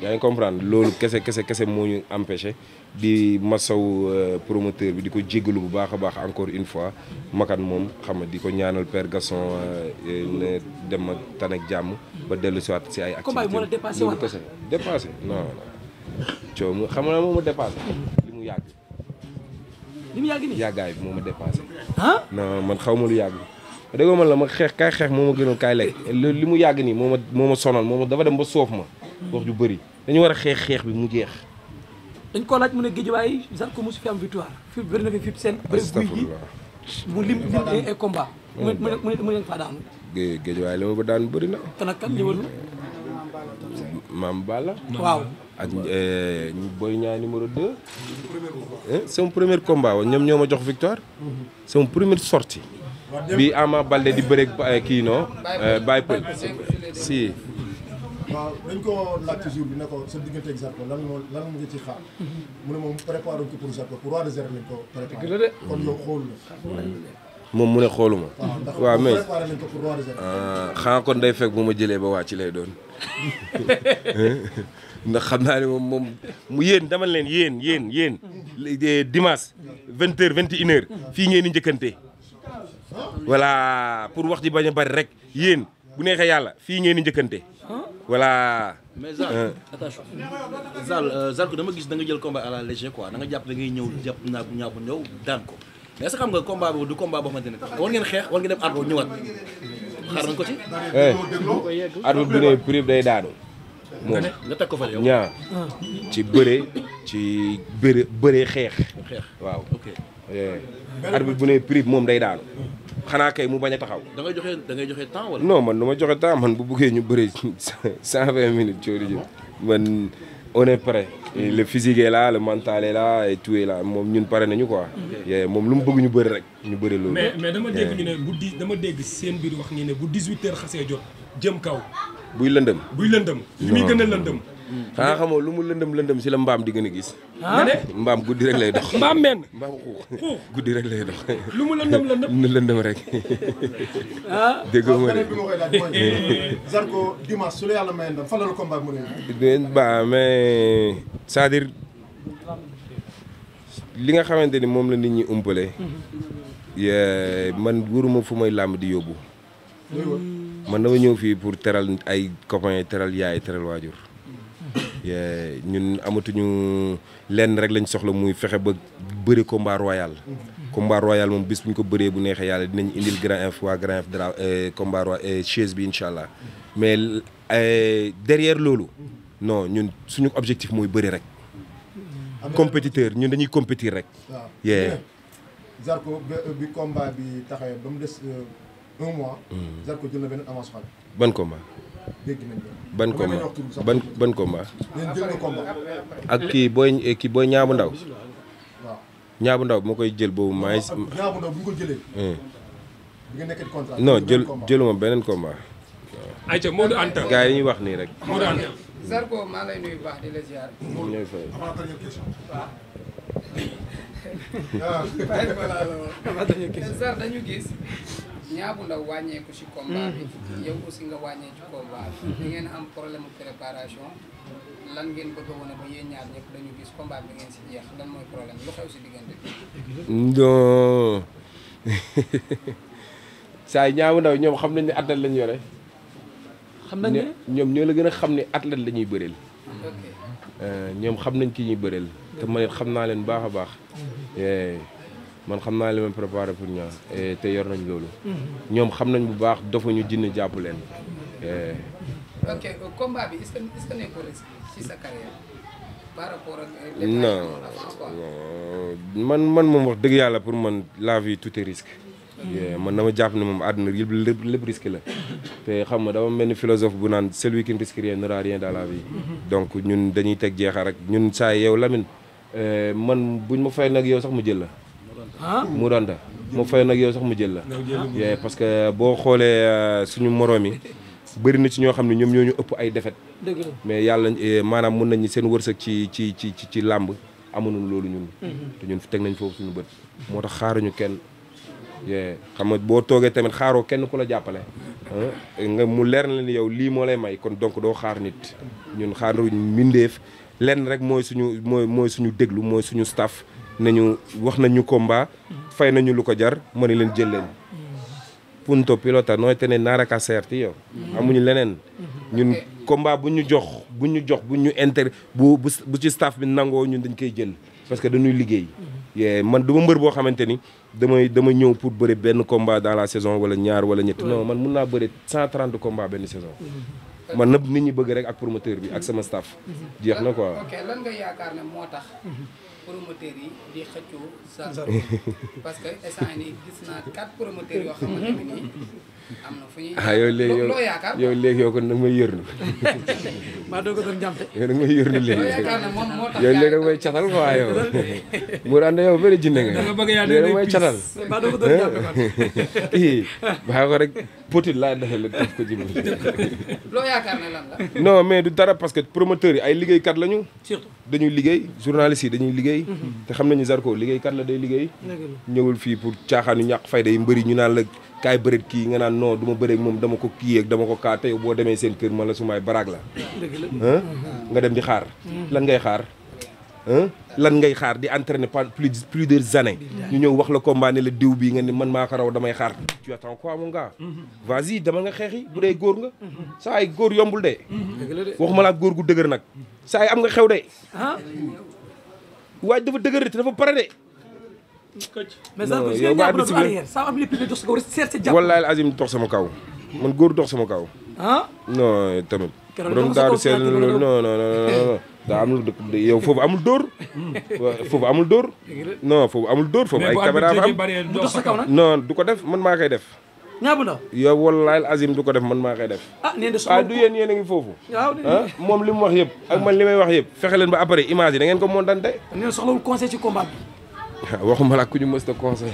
yaa ngi comprendre loolu kese kese kese moo ñu empêché di masaw euh, promoteur bi di ko jéggalu bu baax a baax encore une fois makan moom xam nga di ko ñaanal Père Gaston euh, na dem ak tan ak jàmm ba dellu si waat si ay activité combat bi moo la dépassé waat kese dépassé non non coow mu xam naa moom mu dépassé li mu yàgg li mu yàgg nii yàggaay bi moo ma dépassé ah non man xaw ma lu yàgg déggoo man la ma xeex kaay xeex moo ma gënoon kaay lekk li mu yàgg nii moom ma moo ma sonal moo ma dafa dem ba soof ma wax ju bari dañu war a xeex xeex bi mu jeex dañ ko laaj mu ne géejuwaay Zarko mosu fi am victoire fi bëri na fi fi seen bëri guy gi mu lim lim ay combat mu ne mu ne mu ne faa daanu géej géej waaye la ma ko daan bëri na. kan maam Balla. ak eh, Boy Niang numéro 2. Eh, sama premier combat wa ñoom ñoo ma jox victoire. sama première sortie bi Ama Baldé di bëreeg eh, kii non Baye si. dañ ko laaj toujours bi ne ko sa diggante ak lan moo lan ci xaar. moom mu ne xooluma. Ah, waaw mais ah, xanaa kon day fekk bu ma jëlee ba waa ci lay doon ndax xam naa ne moom moom mu yéen dama leen yéen yéen yéen eh, dimanche vingt heures vingt et une heures fii ngeen di njëkkante. voilà pour wax ji bañ a bari rek yéen bu neexee yàlla fii ngeen di njëkkante. voilà. mais Zal attention euh, gis da nga jël combat à la légère quoi da nga jàpp da ngay ñëw jàpp ñaabu ñaabu ñëw daan ko. mais est-ce xam nga combat boobu du combat boo xamante ne war ngeen ngeen dem ardo ñëwaat xaar nañ ko ci. Eh, ardo bi ne prix day daanu. moom nga teg ko fa yow ñaar ci bëre ci bëre bëre xeex. xeex waaw ok. Eh, arbitre bu ne prix moom day daanu xanaa kay mu bañ a taxaw. da joxe da ngay joxe temps wala. man du ma joxe temps man bu buggee ñu bëri cent vingt minutes coono ji man on est Et le physique la là la mental la moom ñun pare nañu quoi. moom lu mu bëgg ñu bëri rek ñu bëri loolu. me mais dama dégg ñu ne bu di dama dégg seen biir wax ñu ne bu 18 heures xasee jot jëm kaw. buy lëndëm buy lëndëm. li muy gën a lëndëm. xanaa xamoo lu mu lëndëm lëndëm si la mbaam di gën a gis ah? mbaam guddi rek lay dox mbaam men mbaam xuux guddi rek lay dox lu mu lëndëm lëndëm na lëndëm rek ah déggoo rek bi ma su yàlla maye ba mais li nga xamante ni moom la nit ñi umpale mhm. man wuruma fu may làmb di yóbbu man na ñëw fii pour teral ay copains teral yaay teral waajur ñun amatuñu lenn rek lañ soxla muy fexe ba bëri combat royal. combat royal moom bis bu ko bëree bu neexee yàlla dinañ indil grand F waa grand F dra eh, combat royal eh, chaise bi incha allah mais eh, derrière loolu non ñun suñu objectif mooy bëri rek. compétiteur ñun dañuy compétir rek. waaw yee. Zarko bi combat bi taxawee ba mu des euh, un mois. Mm. ban combat. ban combat ban ak kii booy eh, kii booy ñaabu ndaw ñaabu ndaw moo koy jël boobu maa ngi ñaabu ndaw bu ñu ko hmm. jël jëluma beneen combat waaw ayca ñuy wax nii rek Modou Anta Zarko maa lay baax di la ziar ñooy fay waaw ah. dañu gis ñaabu ndaw wàññeeku ci mm-hmm. nga wàññee ci combat mm-hmm. ngeen am problème préparation lan ngeen bëgg a wane gis combat bi ngeen ci jeex ñoom xam nañ ne athlète lañ yore. xam nañ ñoom ñoo la gën a xam ne athlète la ñuy bëreel. Euh, ñoom xam nañ ki ñuy bëreel. te man xam naa leen baax a baax. Mm-hmm. Eh. man xam naa li ma préparé pour ñaar te yor nañu loolu. Mhm. ñoom xam nañu bu baax dofuñu dina jàpp leen. Eh. ok man man moom wax dëgg yàlla pour man la vie tout est risque. Mhm. man dama jàpp ne moom àdduna yëpp lépp lépp risque la te xam nga dama mel ni philosophe bu naan celui qui ne risque rien n'aura rien dans la vie. Mhm. donc ñun dañuy teg jeexal rek ñun saa yow Lamine eh, man buñ ma fay nag yow sax ma jël la. Ah? mu ronda mu fayoon nag yow sax mu jël la yee parce que boo xoolee euh, suñu moroom yi bëri na ci ñoo xam ne ñoom ñoo ñu ëpp ay defet mais yàlla euh, maanaam mun nañu seen wërsëg ci ci ci ci làmb amuñu loolu ñun mm-hmm. te ñun teg nañ foofu suñu bët moo tax xaaruñu kenn yee xam boo toogee tamit xaaroo kenn ku la jàppale ah, nga mu leer na ni yow lii moo lay may kon donc doo xaar nit ñun xaaruñ mbindeef lenn rek mooy suñu mooy mooy suñu déglu mooy suñu staf ñu wax nañu combat fay nañu lu ko jar ma ne leen jël leen punto pilota nooy te ne naaraka seerti yow amuñu leneen ñun combat bu ñu jox bu ñu jox bu ñu inter bu bu ci staff bi nangoo ñun dañ koy jël parce que dañuy liggéey yee man du ma mbër boo xamante ni damay dama ñëw pour bëri benn combat dans la saison wala ñaar wala ñetti non man mun naa bëri cent trente komba benn saison man na nit ñi bëgg rek ak promoteur bi ak sama staff jeex na quoi ok lan nga yaakaar promoteurs yi di xëccoo Zarko parce que instant nii gis naa quatre promoteurs yoo xamante ne nii am na fu ñuy ah yow léegi yow yow léegi yow kon nag may yërnu. maa doog a doon jàmpe. yow nag may yërnu léegi. yow léegi nag may catal quoi yow. Mourou ànd yow a doon jàmpe laa defee la def ko ji. loo yaakaar ne lan la. non mais du dara parce que promoteurs yi ay liggéeykat lañu. surtout dañuy liggéey journalistes dañuy liggéey. Mhm. xam nañu Zarko liggéeykat la day liggéey. ñëwul fii pour caaxaanu ñàkk fayda yi mbëri ñu naan la kaay bëreet kii nga naan non du ma bëreeg moom dama ko kii ak dama ko kaa te boo demee seen kër man la su maay baraag la nga dem di xaar lan ngay xaar lan ngay xaar di entraîner pendant plus de années ñu ñëw wax la combat ne la diw bii nga ni man maa ko raw damay xaar tu attends quoi mon gars vas-y dama nga xeexi bu dee góor nga saa ay góor yombul de waxuma laa góor gu dëgër nag saa ay am nga xew de ah. waaye dafa dëgër de te dafa pare de mais ça yow ba arbitre bi sa am lépp nga jox sa kaw man góor dox sama kaw ah eh, tamit borom daaru seen loolu non non non yow foofu amul dóor hmm. foofu amul dóor non foofu amul dóor foofu ay caméra fa am non du ko def man maa koy def ñaabu ndaw yow wallaay azim du ko def man maa koy def ah nee na ah, du yéen a ngi foofu ah, moom li mu wax yëpp ak man li may wax yëpp fexe leen ba après image yi ngeen ko moon nee na soxlawul conseil ci waaw waxuma la ku ñu mës a conseillé.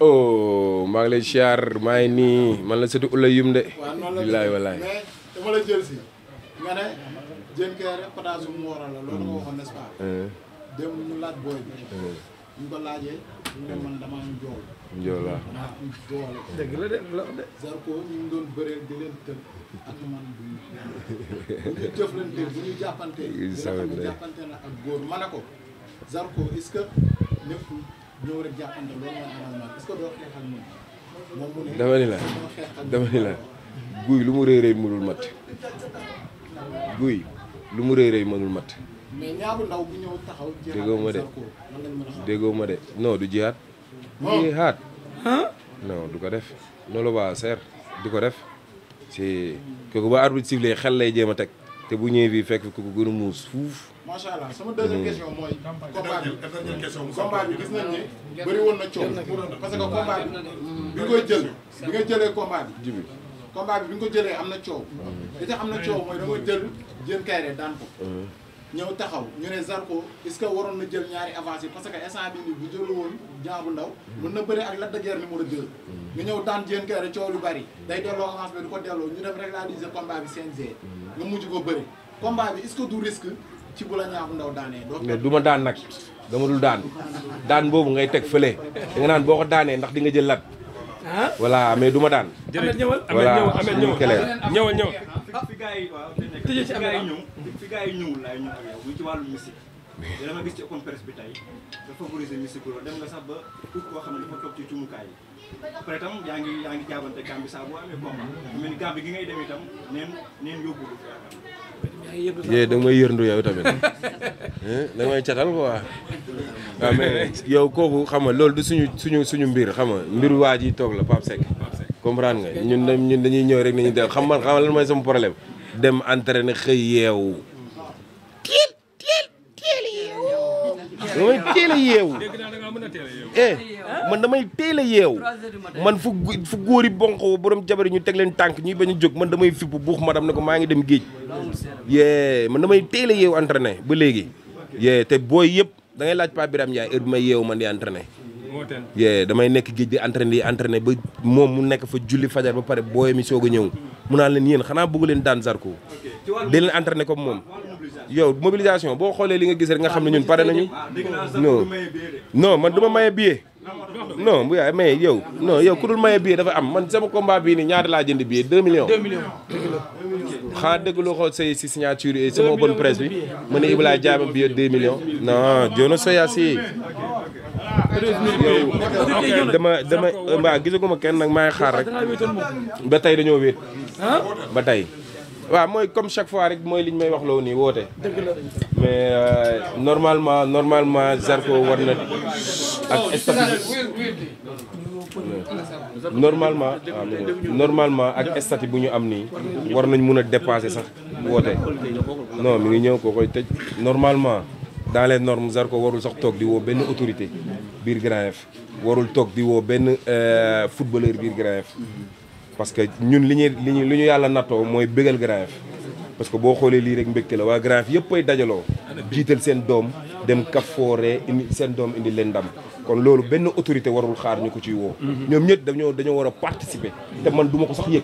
oh maa ngi lay siyaar maa ngi nii man la sëtu Oulayum de. bilaay walaay. dama la jël nga ne jën keere pataas mu waral loolu nga waxoon n'est-ce pas. Euh. dem ñu laaj booy bi. ñu euh. ko laajee ñu man damaa njool. njool waaw. ak man bu ñu ne jàppante na ak góor ma dama ni la guy lu mu rëy rëy mënul mat guy lu mu rëy rëy mënul mat mais ma de déggoo ma de du jihaat oh. jihaat du ko def non lu waa seer di ko def si kooku ba arbitre sifflé xel lay jéem a teg te bu ñëwee fii fekk ku ko gën a muus fuuf. macha allah sama deuxième hmm. question mooy. combat bi combat bi gis nañ ne woon na coow parce que combat bi bi koy jël bi nga jëlee combat bi. combat bi bi nga ko jëlee am na coow. Hmm. li tax am na coow mooy da nga jël jën kayre daan ko. Hmm. ñëw taxaw ñu ne Zarko est que waroon na jël ñaari avancé parce que instant bi nii bu jëlu woon jaabu ndaw. mën na bëri ak Lac de Guiers numéro 2. nga ñëw daan jéen kay rek coow lu bari day delloo avance bi du ko delloo ñu dem régulariser combat bi CNG nga mujj ko bëri combat bi est-ce du risque ci bu la ñaaxu ndaw daanee mais ma daan nag dama dul daan daan boobu ngay teg fële da nga naan boo ko daanee ndax di nga jël lat ah voilà mais du ma daan. jërëjëf ñëwal amet ñëwal ñëwal ñëwal. Ah, fi gars yi waaw tëjee ci fi gars ñëwul laay ñëw wàllu musique. dama gis bi tey nga favoriser musique loolu dem sax ba ut koo xam ne après itam yaa ngi yaa ngi jaabante Gambie saa boo amee combat mel ni Gambie gi ngay dem itam neen neen yóbbu ko yaakaar yee da nga may yërndu yow tamit da nga may catal quoi waaw mais yow kooku xam nga loolu du suñu suñu suñu mbir xam nga mbiru waa ji toog la Pape Seck comprendre nga ñun ñun dañuy ñëw rek nañu del xam man xam lan mooy sama problème dem entraîné xëy yeewu teel teel teel yeewu damay teel a yeewu eh man damay teel a yeew man fu fu góori bonko borom jabar ñu teg leen tànk ñuy bañ a jóg man damay fipp buux madam ne ko maa ngi dem géej yee man damay teel a yeew entraîné ba léegi yee te booy yëpp da ngay laaj Pape Birame Ndiaye heure bi may yeew man di entraîné yee damay nekk géej di entraîné yi entraîné ba moom mu nekk fa julli fajar ba pare booy mi soog a ñëw mu naan leen yéen xanaa bëgg leen daan Zarko di leen entraîné comme moom yow mobilisation boo xoolee li nga gis nga xam ne ñun pare nañu non no man du ma maye billet non bu yaay mais yow non yow ku dul maye billet dafa am man sama combat bii nii ñaata laa jënd billet 2 millions. xanaa dëgg loo xool say si signature yi sama bonne presse bi ma ne Ibrahima jaay ma billet 2 millions. non Dione si yow dama dama ko ma kenn nag maay xaar rek ba tey dañoo wéet ba tey. waaw mooy comme chaque fois rek mooy li ñu may wax loo nii woote. dëgg mais euh, normalement normalement Zarko war na ak statut ah, normalement ak statut bu ñu am nii war nañ mun a dépasser sax woote non mu ngi ñëw ko koy te normalement dans les normes Zarko warul sax toog di woo benn autorité biir Grand F warul toog di woo benn euh, footballeur biir Grand F parce que ñun li ñuy li ñu li ñu yàlla nattoo mooy bégal Grand parce que boo xoolee lii rek mbégte la waa Grand Yoff yëpp ay dajaloo jiital seen doom dem kafoore indi seen doom indi leen ndam kon loolu benn autorité warul xaar ñu ko ciy woo mhm. ñoom ñett dañoo dañoo war a participer te man duma ko sax yëg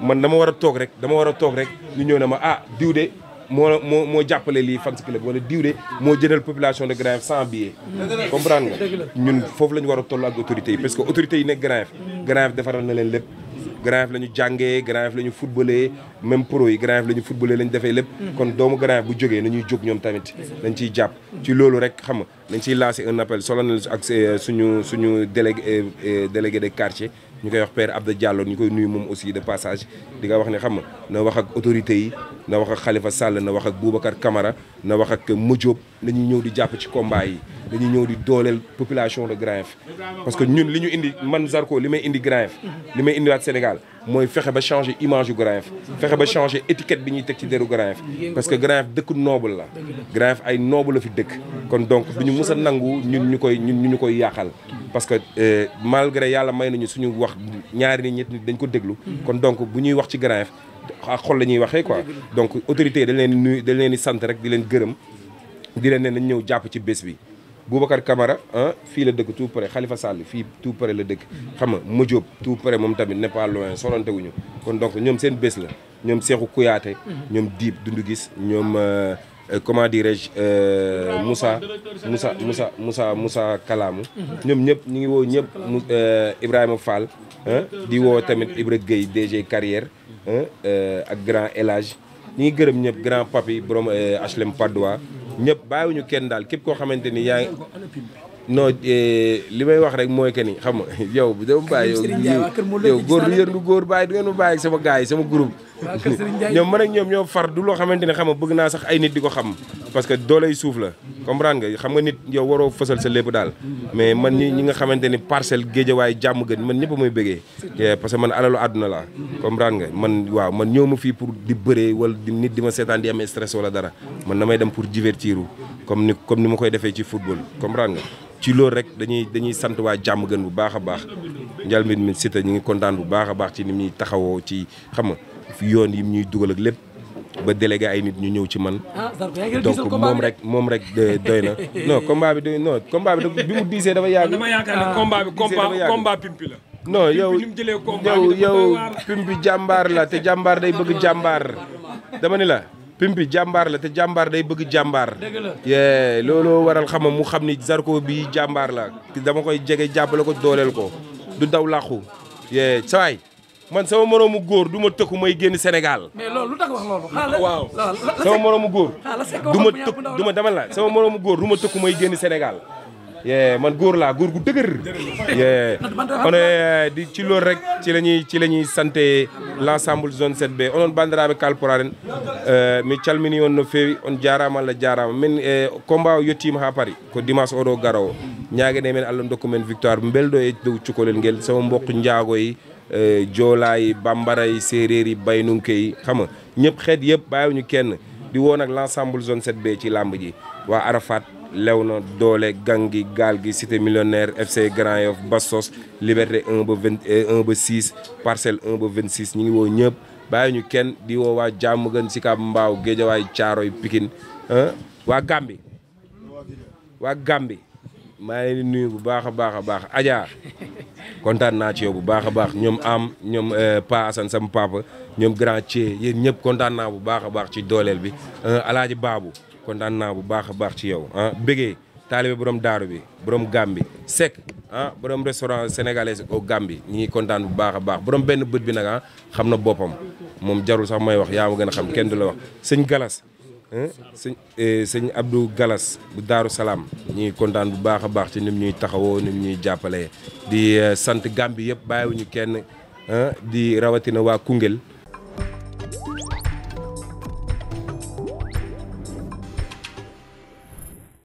man dama war a toog rek dama war a toog rek ñu ñëw ne ma ah diw de moo moo moo jàppale lii fans club wala diw de moo jëndal population de Grand Yoff sans billet comprendre nga ñun foofu la ñu war a toll ak autorité parce que autorité yi nekk Grand Yoff Grand Yoff leen lépp Grand Yoff la ñu jàngee Grand Yoff la ñu footballé même pro yi Grand Yoff la ñu footballé defee lépp mm. kon doomu Grand Yoff bu jógee nañuy jóg ñoom tamit dañ ciy jàpp ci loolu rek xam nga dañ ciy lancé un appel solennel ak euh, suñu suñu délégué euh, euh, délégué de quartier ñu koy wax Père Abdou Diallo ñu koy nuyu moom aussi de passage di nga wax ne xam nga na wax ak autorités yi na wax ak Khalifa Sall na wax ak Boubacar Camara na wax ak na ñu ñëw di jàpp ci combat yi dañuy ñëw di dooleel population de Grand parce que ñun li ñu indi man Zarko li may indi Grand li may indiwaat Sénégal mooy fexe ba changer image yu Grand fexe ba changer étiquette bi ñuy teg ci deru Grand parce que Grand Yoff dëkku noble la Grand ay noble la fi dëkk kon donc du ñu mës a nangu ñun ñu koy ñun ñu ñu koy yàqal parce que euh, malgré yàlla may nañu suñu wax ñaari nit ñett dañ ko déglu kon donc bu ñuy wax ci Grand ak xol la ñuy waxee quoi donc autorité dañ leen nuyu dañ leen di sant rek di leen gërëm di leen ne nañ ñëw jàpp ci bés bi Boubacar Camara ah fii la dëkk tout près xalifa Sall fii tout près la dëkk xam nga Madiop tout près moom tamit n'est pas loin sorante kon donc ñoom seen bés la ñoom seexu kuyaate mhm. ñoom Diib Dundu Gis ñoom euh, euh, comment dirais-je euh, Moussa Moussa Moussa Moussa Moussa kalaamu mhm. ñoom ñëpp ñu ngi woo ñëpp Ibrahima Fall di woo tamit Ibra Gueye DG Carrière Euh, euh, ak grand élage ñi ngi gërëm ñëpp grand papi borom HLM euh, Padois ñëpp bàyyiwuñu kenn daal képp koo xamante ni yaa ngi non eh, li may wax rek mooy que ni xam nga yow bu dee bàyyi yow góor du yéen du góor bàyyi du ngeen ma bàyyi sama gars yi sama groupe. ñoom man ak ñoom ñoo far du loo xamante ne xam nga bëgg naa sax ay nit di ko xam. parce que dooley suuf la. comprendre nga xam nga nit yow waroo fësal sa lépp daal. mais man ñi ñi nga xamante ni parcelle waaye jàmm gën man ñëpp mooy bëggee. parce que man alalu àdduna laa. comprendre nga man waaw man ñëw ma fii pour di bëree wala di nit di ma seetaan di am stress wala dara. man may dem pour divertir comme ni comme ni ma koy defee ci football comprendre nga ci loolu rek dañuy dañuy sant waa jàmm bu baax a baax njal mit mi Siteu ñu ngi kontaan bu baax a baax ci ni muy taxawoo ci xam fi yoon yi mu ñuy dugal ak lépp ba délégué ay nit ñu ñëw ci man ah, donc moom rek moom rek doy na non combat bi doy non combat bi bi mu diisee dafa yàgg dama yaakaar ne ah. combat bi combat combat pimpi la non yow yow yow pimpi jàmbaar la te jàmbaar day bëgg jàmbaar dama ni la pimpi jàmbaar la te jàmbaar day bëgg jàmbaar yee looloo waral xama mu xam ni Zarko bi jàmbaar la dama koy jege jàppale ko dooleel ko du daw làqu yee sawaay man sama moroomu góor du ma tëkku may génn Sénégal. mais loolu lu tax sama moroomu góor. du ma tëkk du ma dama la sama moroomu góor du ma tëkku may génn Sénégal. man góor laa góor gu dëgër yee on euh, di ci loolu rek ci la ñuy ci la ñuy sante l'ensemble zone 7B onon bandiraɓe kalporaren euh, mi calmini on no feewi on jarama allah jarama min e euh, combat o yettima ha paari ko dimanche oɗo garowo ñagueɗe men allah dokku men victoire belɗo e dow cukalel nguel sama mbokk jaagoyi joolaay bambaraay séeréer yi baynunke yi xam nga ñëpp xeet yëpp bàyyiwuñu kenn di woon ak l'ensemble zone 7B ci làmb ji waa Arafat lew na doole gang gi gaal gi cité millionnaire FC Grand Yoff Bastos liberté un ba 20 1 euh, ba 6 parcelle 1 ba 26 ñu ngi woo ñëpp bàyyi ñu kenn di woo waa jàmm gën Sicap Mbao Géejawaay Caaroy Pikine waa Gambi waa Gambi maa ngi leen nuyu bu baax a baax a baax Adja kontaan naa ci yow bu baax a baax ñoom am ñoom euh, Pa Assane sama papa ñoom grand Thié yéen ñëpp kontaan naa bu baax a baax ci dooleel bi euh, Alaaji Baabu kontaan naa bu baax a baax ci yow ah bëggee taalibe borom daaru bi borom Gàmbi sek ah borom restaurant sénégalais au Gàmbi ñi ngi kontaan bu baax a baax borom benn bët bi nag ah xam na boppam moom jarul sax may wax yaa ma gën a xam kenn du la wax sëñ Galas sëñ eh, sëñ Abdou Galas bu Daaru Salaam ñi kontaan bu baax a baax ci nim ñuy taxawoo nim ñuy jàppale di eh, sant Gàmbi yëpp bàyyiwuñu kenn di rawatina waa Koungheul